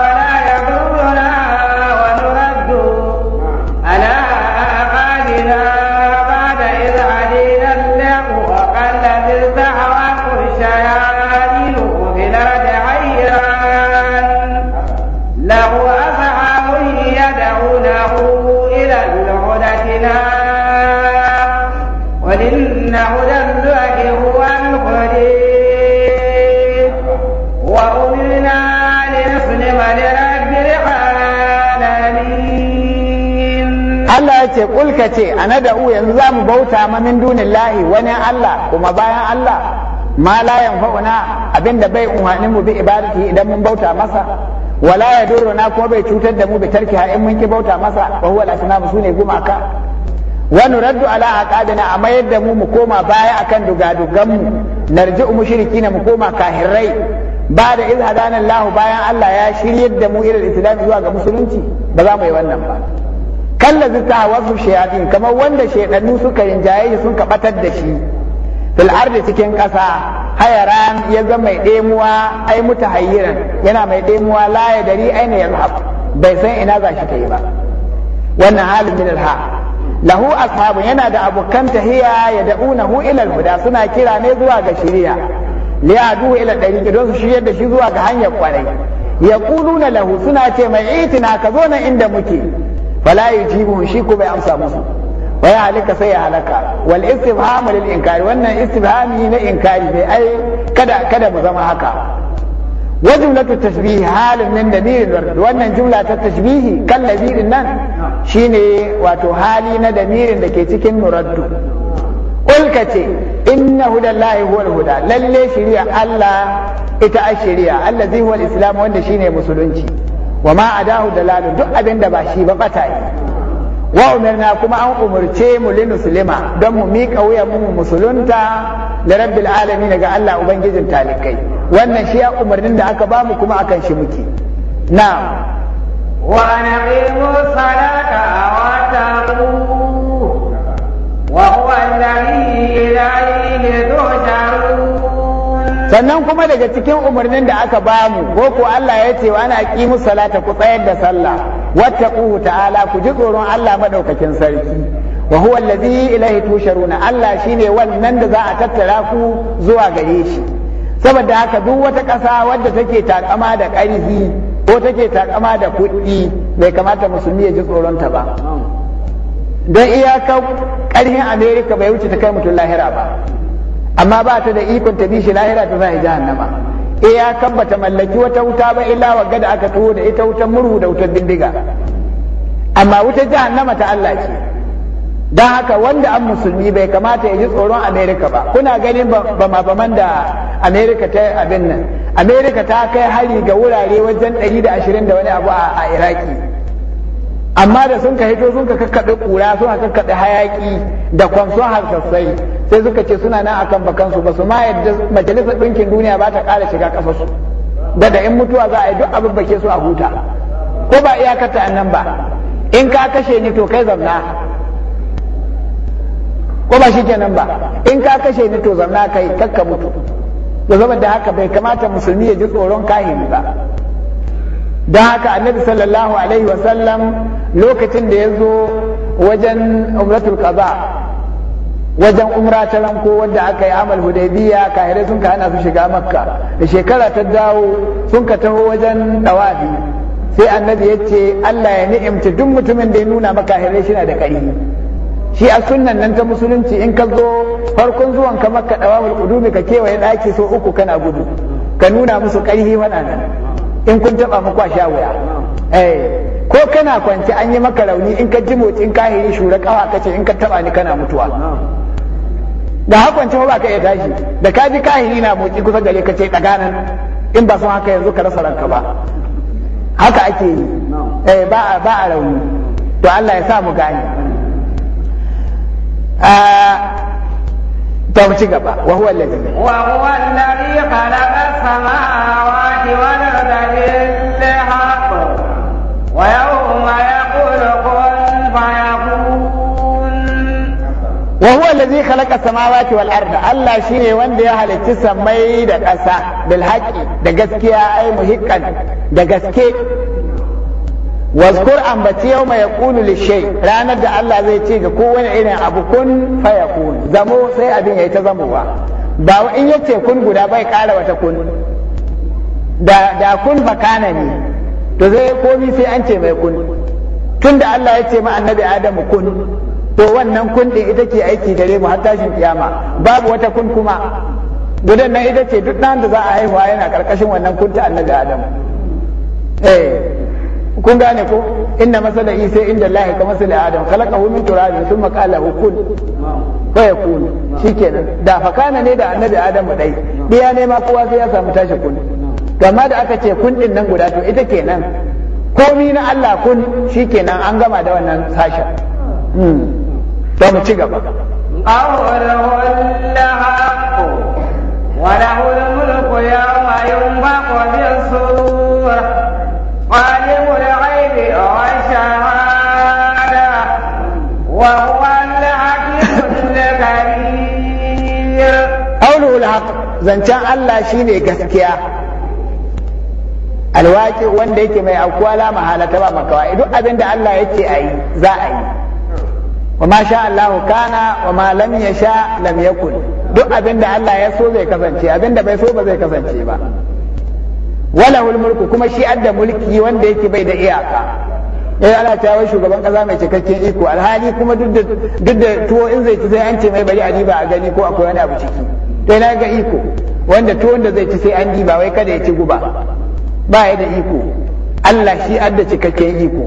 ce kulka ce ana da u yanzu za mu bauta ma min lahi wani Allah kuma bayan Allah ma la abin abinda bai umarnin mu bi ibadati idan mun bauta masa wala na kuma bai cutar da mu bi tarki ha in mun ki bauta masa wa huwa al-asnamu sune gumaka wa nuraddu ala aqadina amma yadda mu mu koma baya akan dugadugan mu narji'u na mu koma kahirai ba da iz hadana Allah bayan Allah ya shiryar da mu ila islam zuwa ga musulunci ba za mu yi wannan ba kallazi ta wasu shayatin kamar wanda shaidannu suka rinjaye sun ka batar da shi fil ardi cikin ƙasa hayaran ya zama mai ɗemuwa ai mutahayyiran yana mai ɗemuwa la ya dari aina yazhab bai san ina za shi kai ba wannan halin min alha lahu ashabu yana da abokan tahiya ya da'unahu ila alhuda suna kira ne zuwa ga shiriya li yadu ila dariqi don su shiryar da shi zuwa ga hanyar kwarai yaquluna lahu suna ce mai itina ka zo nan inda muke fala yujibu shi ko bai amsa musu wa halika sai ya halaka wal istifham lil inkari wannan istifhami na inkari ne ai kada kada mu zama haka wa jumlatu tashbihi halin min damir wannan jumla ta tashbihi kan lamirin nan shine wato hali na damirin da ke cikin muraddu. ulka ce inna hudallahi huwal huda lalle shari'a Allah ita a shari'a allazi huwal islam wanda shine musulunci wa ma da lalu duk abin da ba shi ba bata yi wa umirna kuma an umarce mu li muslima don mu miƙa wuya mu musulunta da rabbil alamin ga Allah ubangijin talikai wannan shi ya umarnin da aka bamu kuma akan shi muke na. wa anaqimu salata wa taqu wa huwa alladhi sannan kuma daga cikin umarnin da aka bamu ko ko Allah ya ce wa ana ki salata ku tsayar da sallah wattaquhu ta'ala ku ji tsoron Allah madaukakin sarki wa huwa allazi ilaihi tusharuna Allah shine wannan da za a tattara ku zuwa gare shi saboda haka duk wata ƙasa wadda take takama da ƙarfi ko take takama da kuɗi bai kamata musulmi ya ji tsoron ta ba don iyakar ƙarfin amerika bai wuce ta kai mutum lahira ba amma ba ta da ikon ta bi shi lahira ta zai jahannama e ya kambata mallaki wata wuta ba illa wa da aka tuho da ita wutar murhu da wutar bindiga amma wutar jahannama ta Allah ce don haka wanda an musulmi bai kamata ya ji tsoron Amerika ba kuna ganin ba ma baman da Amerika ta abin nan Amerika ta kai hari ga wurare wajen 120 da wani abu a Iraki amma da sun ka hito sun ka kakkaɓe ƙura sun ka kakkaɓe hayaƙi da kwamson harsassai sai suka ce suna nan akan bakansu ba su ma yadda majalisar ɗinkin duniya ba ta ƙara shiga ƙasarsu da da in mutuwa za a yi duk abin bake su a huta ko ba iyakar ta annan ba in ka kashe ni to kai zamna ko ba shi nan ba in ka kashe ni to zamna kai kakka mutu da da haka bai kamata musulmi ya ji tsoron kahin ba don haka annabi sallallahu alaihi wasallam lokacin da ya zo wajen umratul qaza wajen umra ta ranko wanda aka yi amal hudaybiya kahirai sun ka hana su shiga makka da shekara ta dawo sun ka taho wajen dawafi sai annabi ya ce Allah ya ni'imta duk mutumin da ya nuna maka kahirai shi da ƙari shi a sunnan nan ta musulunci in ka zo farkon zuwan ka makka dawamul qudumi ka kewaye daki so uku kana gudu ka nuna musu ƙarhi nan. in kun taba mu kwa sha wuya eh ko kana kwance an yi maka rauni in ka ji motsin kahiri shura kawa kace in ka taba ni kana mutuwa da hakwance ba ka iya tashi da ka ji kahiri na motsi kusa gare ka ce nan, in ba sun haka yanzu ka rasa ranka ba haka ake yi eh ba ba a rauni to Allah ya sa mu gane ah, to ci gaba wa huwa alladhi wa huwa alladhi khalaqa samawati wal arda bil wa yawma yaqulu kun fayakun wa huwa alladhi khalaqa samawati wal arda Allah shine wanda ya halicci samai da ƙasa bil haqqi da gaskiya ai muhikkan da gaske wazkur ambaci yau mai yakunu lishai ranar da Allah zai ce ga kowane irin abu kun fa yakun zamo sai abin yayi ta zamo ba in yace kun guda bai kara wata kun da da kun fakana ne to zai komi sai an ce mai kun da Allah ya ce ma annabi Adamu kun to wannan kun din ita ke aiki gare mu har tashin kiyama babu wata kun kuma gudan nan ita ce duk nan da za a haihuwa yana karkashin wannan kun ta annabi Adamu eh kun gane ko inna masala isa inda Allah ka masala adam khalaqahu min turabin thumma qala hu kun fa yakun shikenan da fakana ne da annabi adam dai biya ne ma kowa sai ya samu tashi kun kamar da aka ce kun din nan guda to ita kenan komi na Allah kun shikenan an gama da wannan sashen hmm. to mu ci gaba أوله wa rahul mulku ya zancen Allah shine gaskiya alwaki wanda yake mai aukuwa la mahala ta ba makawa duk abin da Allah yake a yi za a yi wa ma sha Allahu kana wa ma lam yasha lam yakun duk abin da Allah ya so zai kasance abin da bai so ba zai kasance ba walahul mulku kuma shi adda mulki wanda yake bai da iyaka eh Allah ta wai shugaban kaza mai cikakken iko alhali kuma duk da duk tuwo in zai ci sai an ce mai bari a riba a gani ko akwai wani abu ciki to na ga iko wanda to da zai ci sai an diba wai kada ya ci guba ba ya da iko Allah shi adda cikakken iko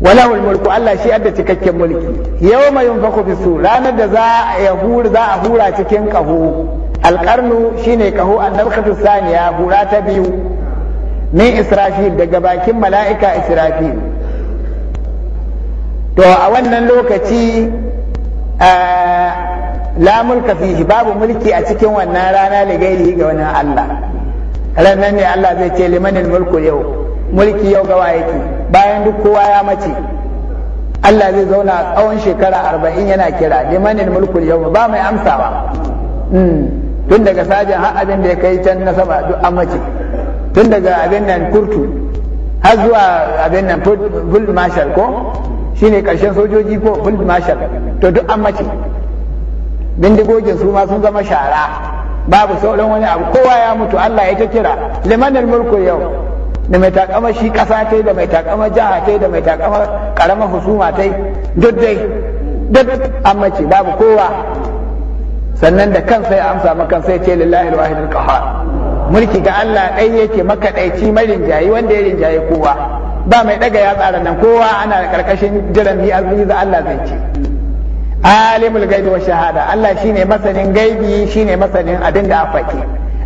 wal mulku Allah shi adda cikakken mulki yawma yunfakhu bis ranar da za ya hura za a hura cikin kaho alqarnu shine kaho annabkatu saniya hura ta biyu min israfil daga bakin mala'ika israfil to a wannan lokaci eh, la mulka fihi babu mulki a cikin wannan rana da gairihi ga wani Allah ranar ne Allah zai ce limanin mulku yau mulki yau gawa yake bayan duk kowa ya mace Allah zai zauna a tsawon shekara arba'in yana kira limanin mulku yau ba mai amsawa hmm, tun daga sajin har abin da ya kai can na sama duk an mace tun daga abin nan kurtu har zuwa abin nan field marshal ko shine karshen sojoji ko field marshal to duk an mace bindigogin su ma sun zama shara babu sauran wani abu kowa ya mutu Allah ya ta kira limanil mulku yau da mai takama shi kasa ta da mai takama jaha ta da mai takama karamar husuma ta duk dai duk amma ce babu kowa sannan da kansa ya amsa maka sai ce lillahi alwahidul qahar mulki ga Allah dai yake makaɗaici jayi wanda ya rinjaye kowa ba mai ɗaga ya tsara nan kowa ana ƙarƙashin jiran yi azizi Allah zai ce alimul gaibi wa shahada Allah shine masanin gaibi shine masanin abin da afaki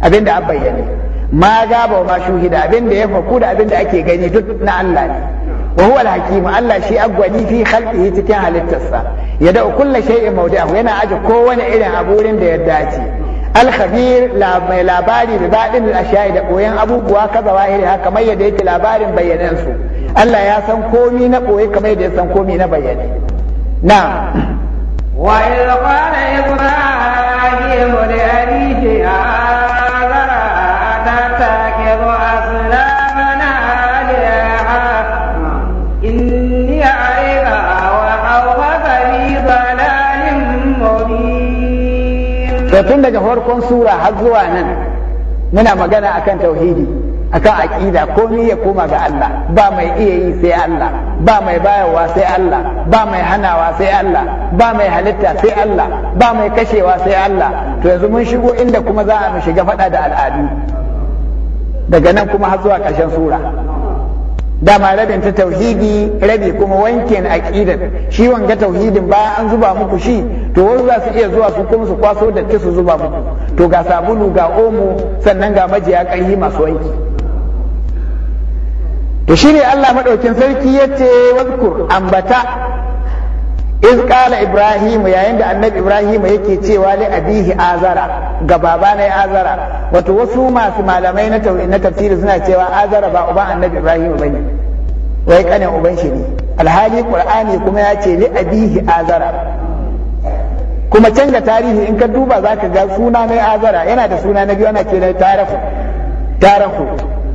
abin da bayyane ma gaba ma shuhida abin da ya faku da abinda ake gani duk na Allah ne wa huwa al Allah shi agwani fi khalqihi cikin halittarsa ya da kullu shay'in mawdi'ahu yana aje kowane irin aburin da ya dace al-khabir mai labari da badin al-ashya'i da koyan abubuwa kaza wahiri haka mai yadda yake labarin bayyanansu Allah ya san komi na koyi kamar yadda ya san komi na bayyane na'am وإذ قال إبراهيم لأبيه آذر أتتخذ أصنامنا آلهة إني أريك وقومك في ضلال مبين. to tun daga farkon sura har zuwa nan muna magana akan tauhidi akan aƙida komai ya koma ga Allah ba mai iya yi sai Allah ba mai bayarwa sai Allah ba mai hanawa sai Allah ba mai halitta sai Allah ba mai kashewa sai Allah to yanzu mun shigo inda kuma za a mu shiga faɗa da al'adu daga nan kuma har zuwa ƙarshen sura dama rabin ta tauhidi rabi kuma wankin aqidan shi wanga tauhidin bayan an zuba muku shi to wasu za su iya zuwa su kuma su kwaso da su zuba muku to ga sabulu ga omo sannan ga majiya ƙarfi masu wanki to shine Allah madaukin sarki yace wazkur ambata iz qala ibrahim yayin da annabi ibrahim yake cewa li abihi azara ga baba na azara wato wasu masu malamai na tauhid na tafsiri suna cewa azara ba uban annabi ibrahim bane wai kanin uban shi ne alhali qur'ani kuma yace, ce li abihi azara kuma canza tarihi in ka duba zaka ga suna na azara yana da suna na biyu ana ce na tarafu tarafu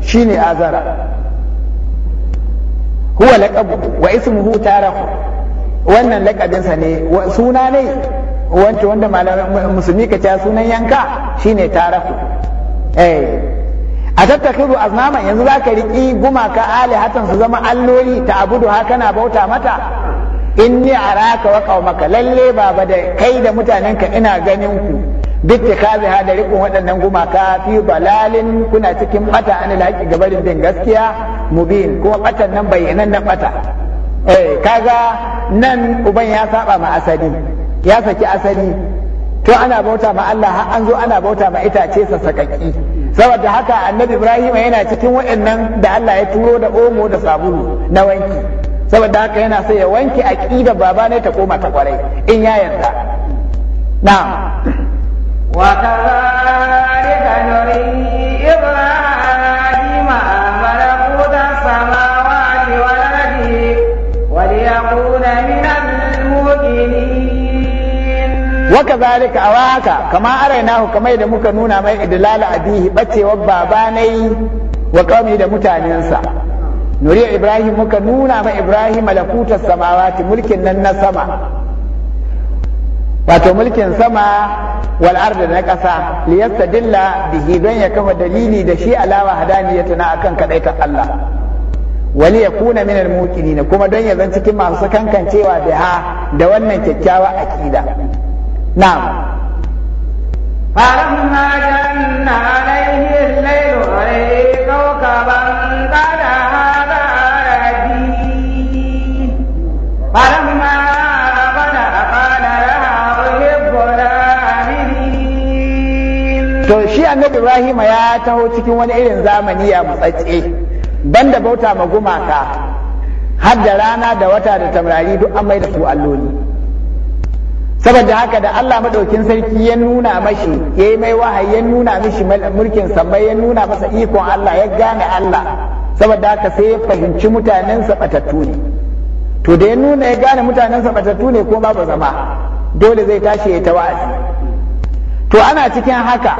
shine azara huwa laqabu wa ismuhu tarahu wannan sa ne suna ne wanda wanda malaman musulmi ka ta sunan yanka shine tarahu eh a tattakiru aznaman yanzu za ka riƙi gumaka alihatan su zama alloli ta abudu haka na bauta mata inni araka wa qaumaka lalle baba da kai da mutanenka ina ganin ku ka ha da rikon waɗannan gumaka fi balalin kuna cikin bata an laƙi gabarin din gaskiya mubin kuma batan nan bayyanan na bata eh kaga nan uban ya saba ma asali ya saki asali to ana bauta ma Allah har an zo ana bauta ma itace sa sakaki saboda haka annabi Ibrahim yana cikin waɗannan da Allah ya turo da omo da sabulu na wanki saboda haka yana sai ya wanki aqida baba ne ta koma ta kwarai in ya yarda na'am Waka zalika a waka kama arainahu kamar da muka nuna mai idlala adihi bacewar babanai wa kawami da mutanensa. Nuriya Ibrahim muka nuna mai Ibrahim malakutar samawati mulkin nan na sama. wato mulkin sama wal arda na ƙasa liyastadilla bihi don ya kafa dalili da shi alawa hadaniyata na akan kadaitar Allah wali ya kuna minal muqinin kuma don ya zan cikin masu da biha da wannan kyakkyawa akida na'am فلما جن عليه الليل عليه كوكبا قال هذا ربي shi annabi Ibrahim ya taho cikin wani irin zamani ya ban da bauta ma gumaka har da rana da wata da tamrari duk an mai da su alloli saboda haka da Allah madaukin sarki ya nuna mashi ya yi mai wahayi ya nuna mishi mulkin sabai ya nuna masa ikon Allah ya gane Allah saboda haka sai ya fahimci sa batattu ne to da ya nuna ya gane mutanensa batattu ne ko babu zama dole zai tashi ya ta to ana cikin haka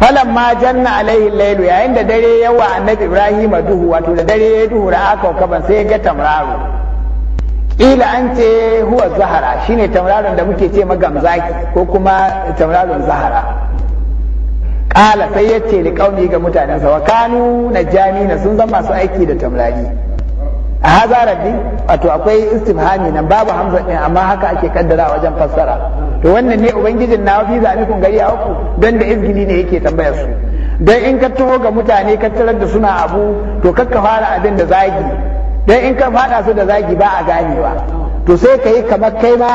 Falan ma janna alaihi lailu yayin da dare yawa annabi ibrahim duhu wato da dare ya duhu da aka kaban sai ga tamraro ila an ce huwa zahara shine tamraron da muke ce magamzaki ko kuma tamraron zahara kala sai yace da kauni ga sa wa kanu na sun zama su aiki da tamrari a haza rabbi wato akwai istifhami nan babu hamza din amma haka ake kaddara wajen fassara to wannan ne ubangijin na fi zalikun gari a uku dan da ne yake tambayar su dan in ka taho ga mutane ka tarar da suna abu to kakka fara abin da zagi dan in ka fada su da zagi ba a ganewa to sai ka yi kamar kai ma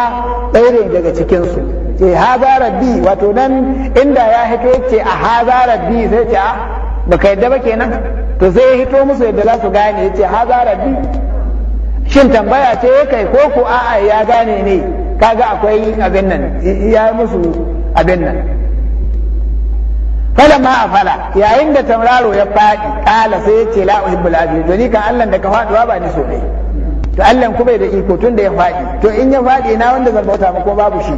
ɗaure daga cikin su ce eh, haza rabbi wato nan inda ya hito yace a haza rabbi sai ce a baka yadda ba kenan to sai ya hito musu yadda za su gane ya ce ha za rabi shin tambaya ce ya kai ko ku a'a ya gane ne kaga akwai abin nan ya musu abin nan fala ma afala yayin da tamraro ya faɗi kala sai ya ce la uhibbul to ni kan Allah da ka faɗuwa ba ni so dai to Allah ku bai da iko tun da ya faɗi to in ya faɗi na wanda zan bauta ma ko babu shi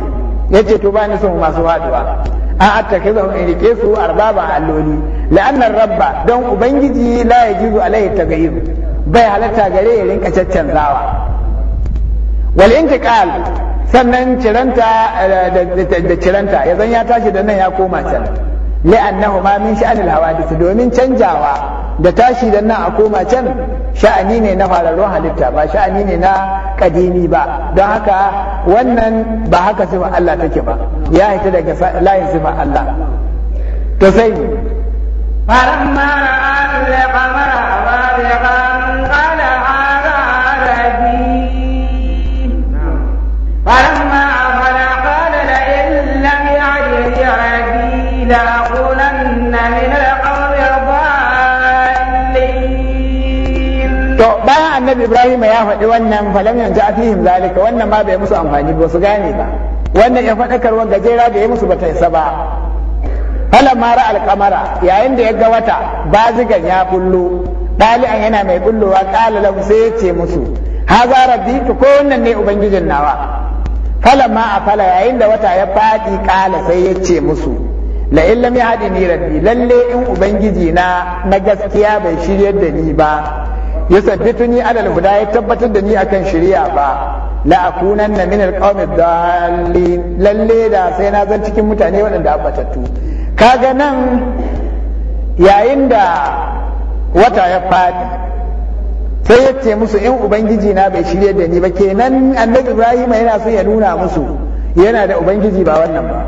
yace to ba ni son masu faɗuwa an attakhidhum in rike su arbaba alloli la'anna rabba don ubangiji la yajibu alaihi tagayyur bai halatta gare ya rinka caccanzawa wal intiqal sannan ciranta eh, da ciranta yanzu ya tashi da nan ya koma can li'annahu ma min sha'anil hawadith domin canjawa da tashi da nan a koma can sha'ani ne na fararrun halitta ba sha'ani ne na kadimi ba don haka wannan ba haka sifa Allah take ba ya hita daga layin sifa Allah to to bayan annabi ibrahim ya faɗi wannan falam yanzu fihim zalika wannan ma bai musu amfani ba su gane ba wannan ya faɗakarwar gajera da ya musu bata isa ba falan mara alkamara yayin da ya ga wata bazigan ya bullo ɗali'an yana mai bullowa ƙala lahu sai yace ce musu haza rabbi to ko wannan ne ubangijin nawa falan ma a fala yayin da wata ya faɗi ƙala sai yace musu la in lam yahdini rabbi lalle in ubangiji na na gaskiya bai shiryar da ni ba ya tuni alal ya tabbatar da ni akan shari'a ba la akunanna min alqawmi dallin lalle da sai na zan cikin mutane waɗanda abbatattu kaga nan yayin da wata ya fadi sai ya ce musu in ubangiji na bai shirye da ni ba kenan annabi ibrahim yana so ya nuna musu yana da ubangiji ba wannan ba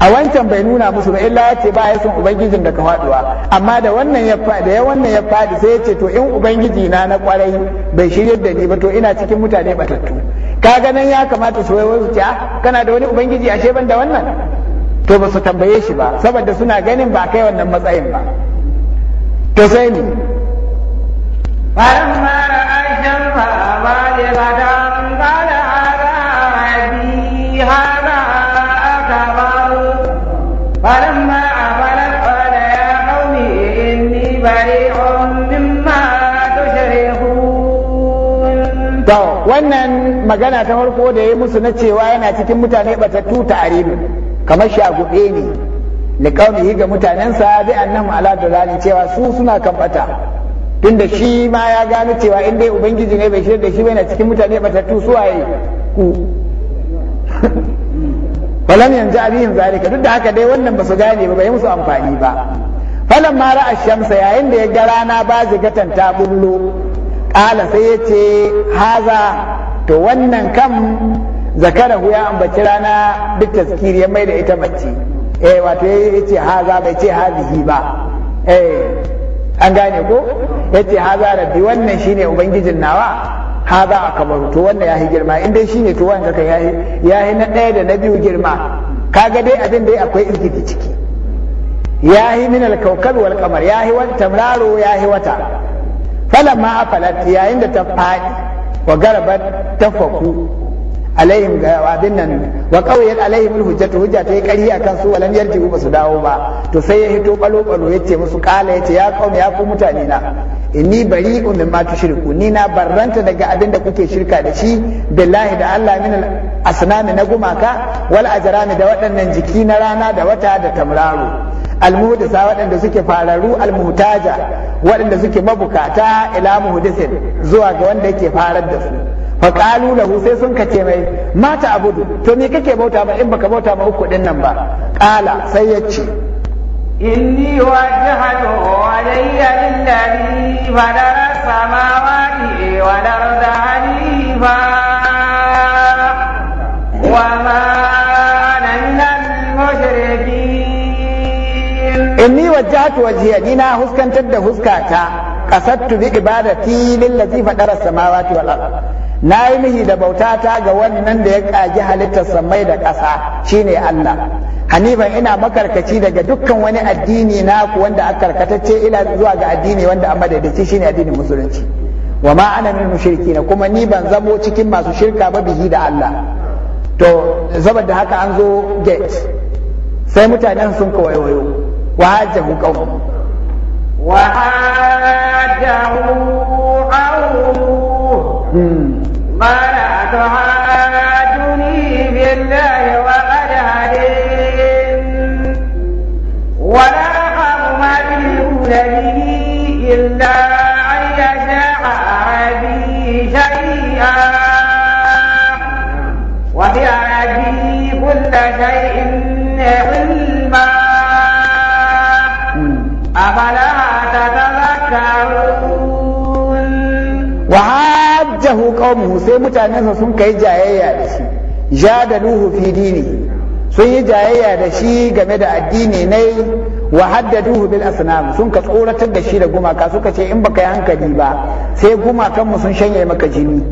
a wancan bai nuna musu ba illa ya ce ba ya son ubangijin daga faduwa amma da wannan ya da ya wannan ya fadi sai ya ce to in ubangiji na na kwarai bai shiryar da ni ba to ina cikin mutane batattu kaga nan ya kamata su waiwayo su ce ah, kana da wani ubangiji ashe ban da wannan to ba su tambaye shi ba saboda suna ganin ba kai wannan matsayin ba to sai ni فلما رأى الشمس بالغة wannan magana ta farko da ya musu na cewa yana cikin mutane batattu ta'aribi kamar shaguɗe ne liqaumihi ga mutanensa bi annahum ala dalalin cewa su suna kamfata. tunda shi ma ya gano cewa in dai ubangiji ne bai shirya da shi yana cikin mutane batattu su waye ku falam yanzu abin zalika duk da haka dai wannan ba su gane ba bai musu amfani ba Falon ma ra'a shamsa yayin da ya ga rana ba zigatan ta bullo ƙala sai ya ce haza to wannan kam zakarahu ya ambaci rana duk taskiri ya mai da ita mace eh wato ya ce haza bai ce hazihi ba eh an gane ko ya ce haza rabbi wannan shine ubangijin nawa haza a kabaru to wannan ya yi girma in dai shine to wannan kaka ya yi na ɗaya da na biyu girma kaga dai abin dai akwai izgidi ciki ya yi minal kaukar wal kamar ya yi wata tamraro ya yi wata falamma afalat yayin da ta fadi wa garabat tafaku alaihim abin nan wa qawiyat alaihim alhujjatu hujja ta yi kari akan su walan yarji ba su dawo ba to sai ya hito balo balo yace musu kala yace ya qaumi ya ku mutane na inni bari'un mimma tushriku ni na barranta daga abin da kuke shirka da shi billahi da Allah min al-asnam na gumaka wal ajrami da waɗannan jiki na rana da wata da tamraro almuhdisa waɗanda suke fararu almuhtaja waɗanda suke mabukata ila muhdisin zuwa ga wanda yake farar da su fa qalu lahu sai sun kace mai mata abudu to me kake bauta ba in baka bauta ba uku din nan ba qala sai ya ce inni wajhatu alayya lillahi dara samawati wa dara hanifa wa ma ana minal mushrikin inni wajhatu wajhiya ni na huskantar da huskata qasadtu bi ibadati lillazi fadara samawati wal ard nayi mihi da bautata ga wannan da ya kaji halittar samai da ƙasa shine Allah hanifan ina makarkaci daga dukkan wani addini na wanda aka karkatacce ila zuwa ga addini wanda an madaidaci shine addinin musulunci wa ma ana min mushrikin kuma ni ban zamo cikin masu shirka ba bihi da Allah to saboda haka an zo gate sai mutanen sun kawayoyo wa hajjahu qawm wa تنازعوا أمروه ولا تعاجني بالله وقد هدين ولا أقام به إلا أن يشاء عبي شيئا وفي عبي كل شيء علما أفلا jadalahu qaumuhu sai mutanensa sun kai jayayya da shi jadaluhu fi dini sun yi jayayya da shi game da addini ne wa haddaduhu bil asnam sun ka tsoratar da shi da gumaka suka ce in baka yi hankali ba sai gumakan mu sun shanye maka jini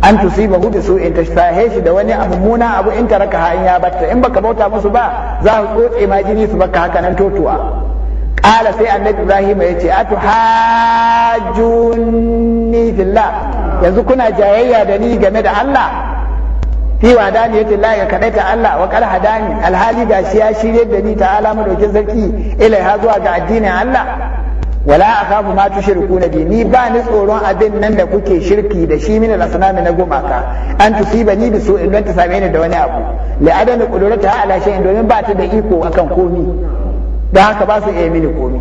an tusiba hudu su in tashtahe shi da wani abu muna abu in taraka ha in ya batta in baka bauta musu ba za su tsotse ma jini su baka haka nan totuwa ƙala sai annabi ibrahim ya ce atu hajjunni fillah yanzu kuna jayayya da ni game da allah fi wada ne yace la ya kadaita allah wa qad hadani alhali gashi ya shirye da ni ta'ala madaukin sarki ha zuwa ga addinin allah wala akhafu ma tushrikuna bi ni ba ni tsoron abin nan da kuke shirki da shi min al-asnami na gumaka an tusiba ni bi su'in don ta same ni da wani abu la adana qudrata ala shay'in domin ba ta da iko akan komi da haka ba su iya mini komi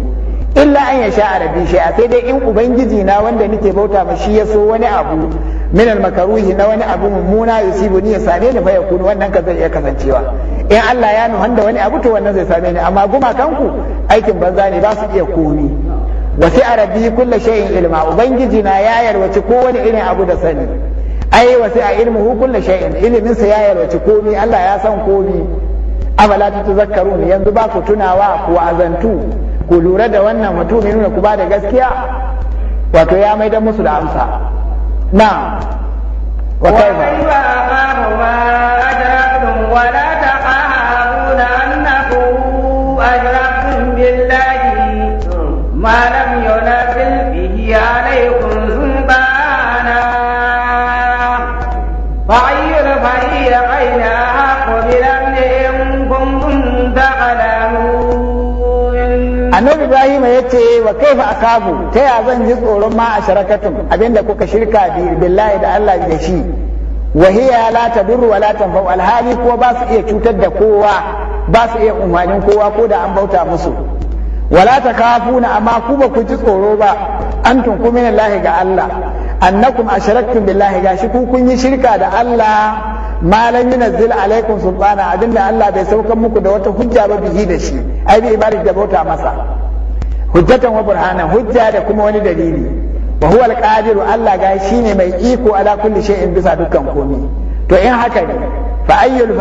illa an ya sha rabbi shi a sai dai in ubangiji na wanda nake bauta ma shi ya so wani abu min al makaruhi na wani abu mummuna yusibu ni ya same ni fa kunu wannan ka zai iya kasancewa in Allah ya nuhan da wani abu to wannan zai same ni amma gumakan ku aikin banza ne ba su iya komi sai arabi kullu shay'in ilma ubangiji na ya yarwaci kowane irin abu da sani ai wasi a ilmuhu kullu shay'in ilmin sa ya yarwaci komi Allah ya san komi afala tazakkarun yanzu ba ku tunawa ku azantu ku lura da wannan mutumin nuna ku ba da gaskiya wato ya maida musu da amsa na wa Ibrahim ya ce wa kaifa akabu ta ya zan ji tsoron ma a sharakatun abinda kuka shirka billahi da Allah da shi wa hiya la tadurru wa la tanfa'u alhali kuwa ba su iya cutar da kowa ba su iya umarnin kowa ko da an bauta musu wala takafuna amma ku ba ku ji tsoro ba antum ku min lahi ga Allah annakum asharaktum billahi shi ku kun yi shirka da Allah malam yunazzil alaikum sultana abinda Allah bai sauka muku da wata hujja ba bihi da shi ai bi bari da bauta masa hujjatan wa burhanan hujja da kuma wani dalili wa huwa alqadiru Allah ga shine mai iko ala kulli shay'in bisa dukkan komai to in haka ne fa ayyul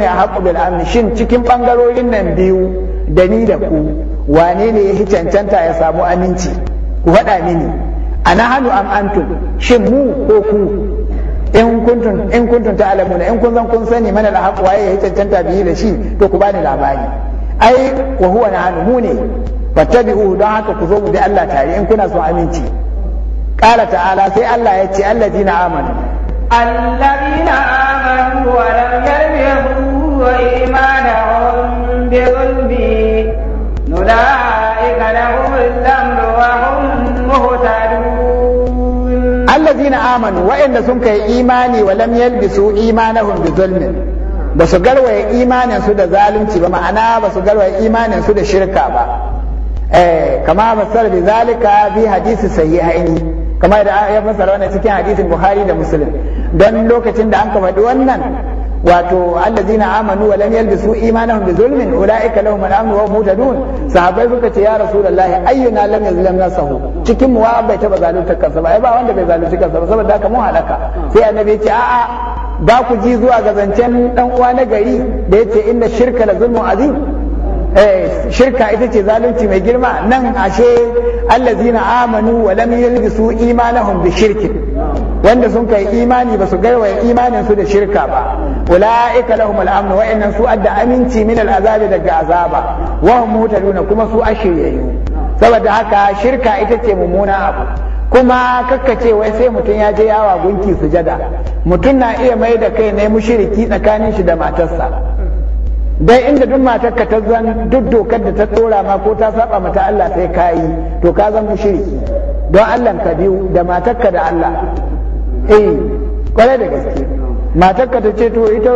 ya ahqqu bil amn shin cikin bangarorin nan biyu da ni da ku wane ne ya cancanta ya samu aminci ku faɗa mini ana hannu am antum shin mu ko ku in kuntum in kuntum ta'lamuna in kun zan kun sani mana alhaq waye ya cancanta biyu da shi to ku bani labari ai wa huwa nahnu ne fattabi'u don haka ku zo mu bi Allah tare in kuna so aminci qala ta'ala sai Allah ya ce allazina amanu allazina amanu wa lam yalbisu imanahum bi dhulmi nulaika lahum al-amru wa hum muhtadun allazina amanu wa'inda sun kai imani wa lam yalbisu imanahum bi dhulmin ba su garwaye imaninsu da zalunci ba ma'ana ba su garwaye imaninsu da shirka ba Eh, kama masar bi zalika bi hadisi sahihaini kama da ya fasara wannan cikin hadisin Buhari da muslim don lokacin da an ka wannan wato allazina amanu wa lam yalbisu imanahum bi zulmin ulaika lahum al-amn wa muhtadun sahabbai suka ce ya rasulullahi ayyuna lam yazlam nasahu cikin mu bai taba zalunta kansa ba ai ba wanda bai zalunta kansa ba saboda haka mun halaka sai annabi ya ce a'a ba ku ji zuwa ga zancen dan uwa na gari da yace inna shirka la zulmun azim Eh, shirka ita ce zalunci mai girma nan ashe allazina amanu wa lam yalbisu imanahum bi shirki wanda sun kai imani basu garwaya imanin su da shirka ba ulaika lahum al-amn wa inna su adda aminci min al-azabi daga azaba wa hum mutaduna kuma su yi. saboda haka shirka ita ce mummuna abu kuma kakkace wai sai mutum ya je yawa gunki sujada mutum na iya mai da kai ne mushiriki tsakanin shi da matarsa dan inda duk matar ka ta zan duk dokar da ta tsora ma ko ta saba mata Allah sai ka yi to ka zan mushiri don Allah ka biyu da matar ka da Allah eh kwarai da gaske matar ka ta ce to ita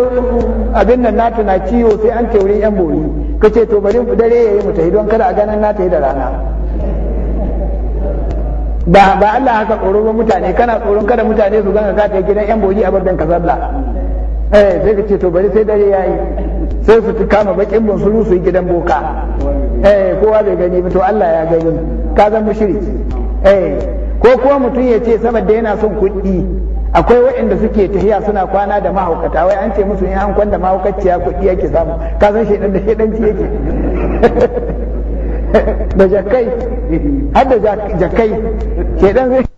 abin nan nata na ciwo sai an ce wurin yan bori ka ce to bari dare yayi mu tafi don kada a ganin nata yi da rana ba ba Allah haka tsoro ba mutane kana tsoron kada mutane su ganka ka ta gidan yan bori a babban ka sallah eh sai ka ce to bari sai dare yayi sai su kama bakin bunsuru su yi gidan boka eh kowa bai gani ba to Allah ya gani ka zan mushriki eh ko kuma mutum ya ce saboda yana son kuɗi akwai waɗanda suke tahiya suna kwana da mahaukata wai an ce musu in an kwanda mahaukaciya kuɗi yake samu ka san shedan da ci yake *laughs* da jakai har da jakai shedan zai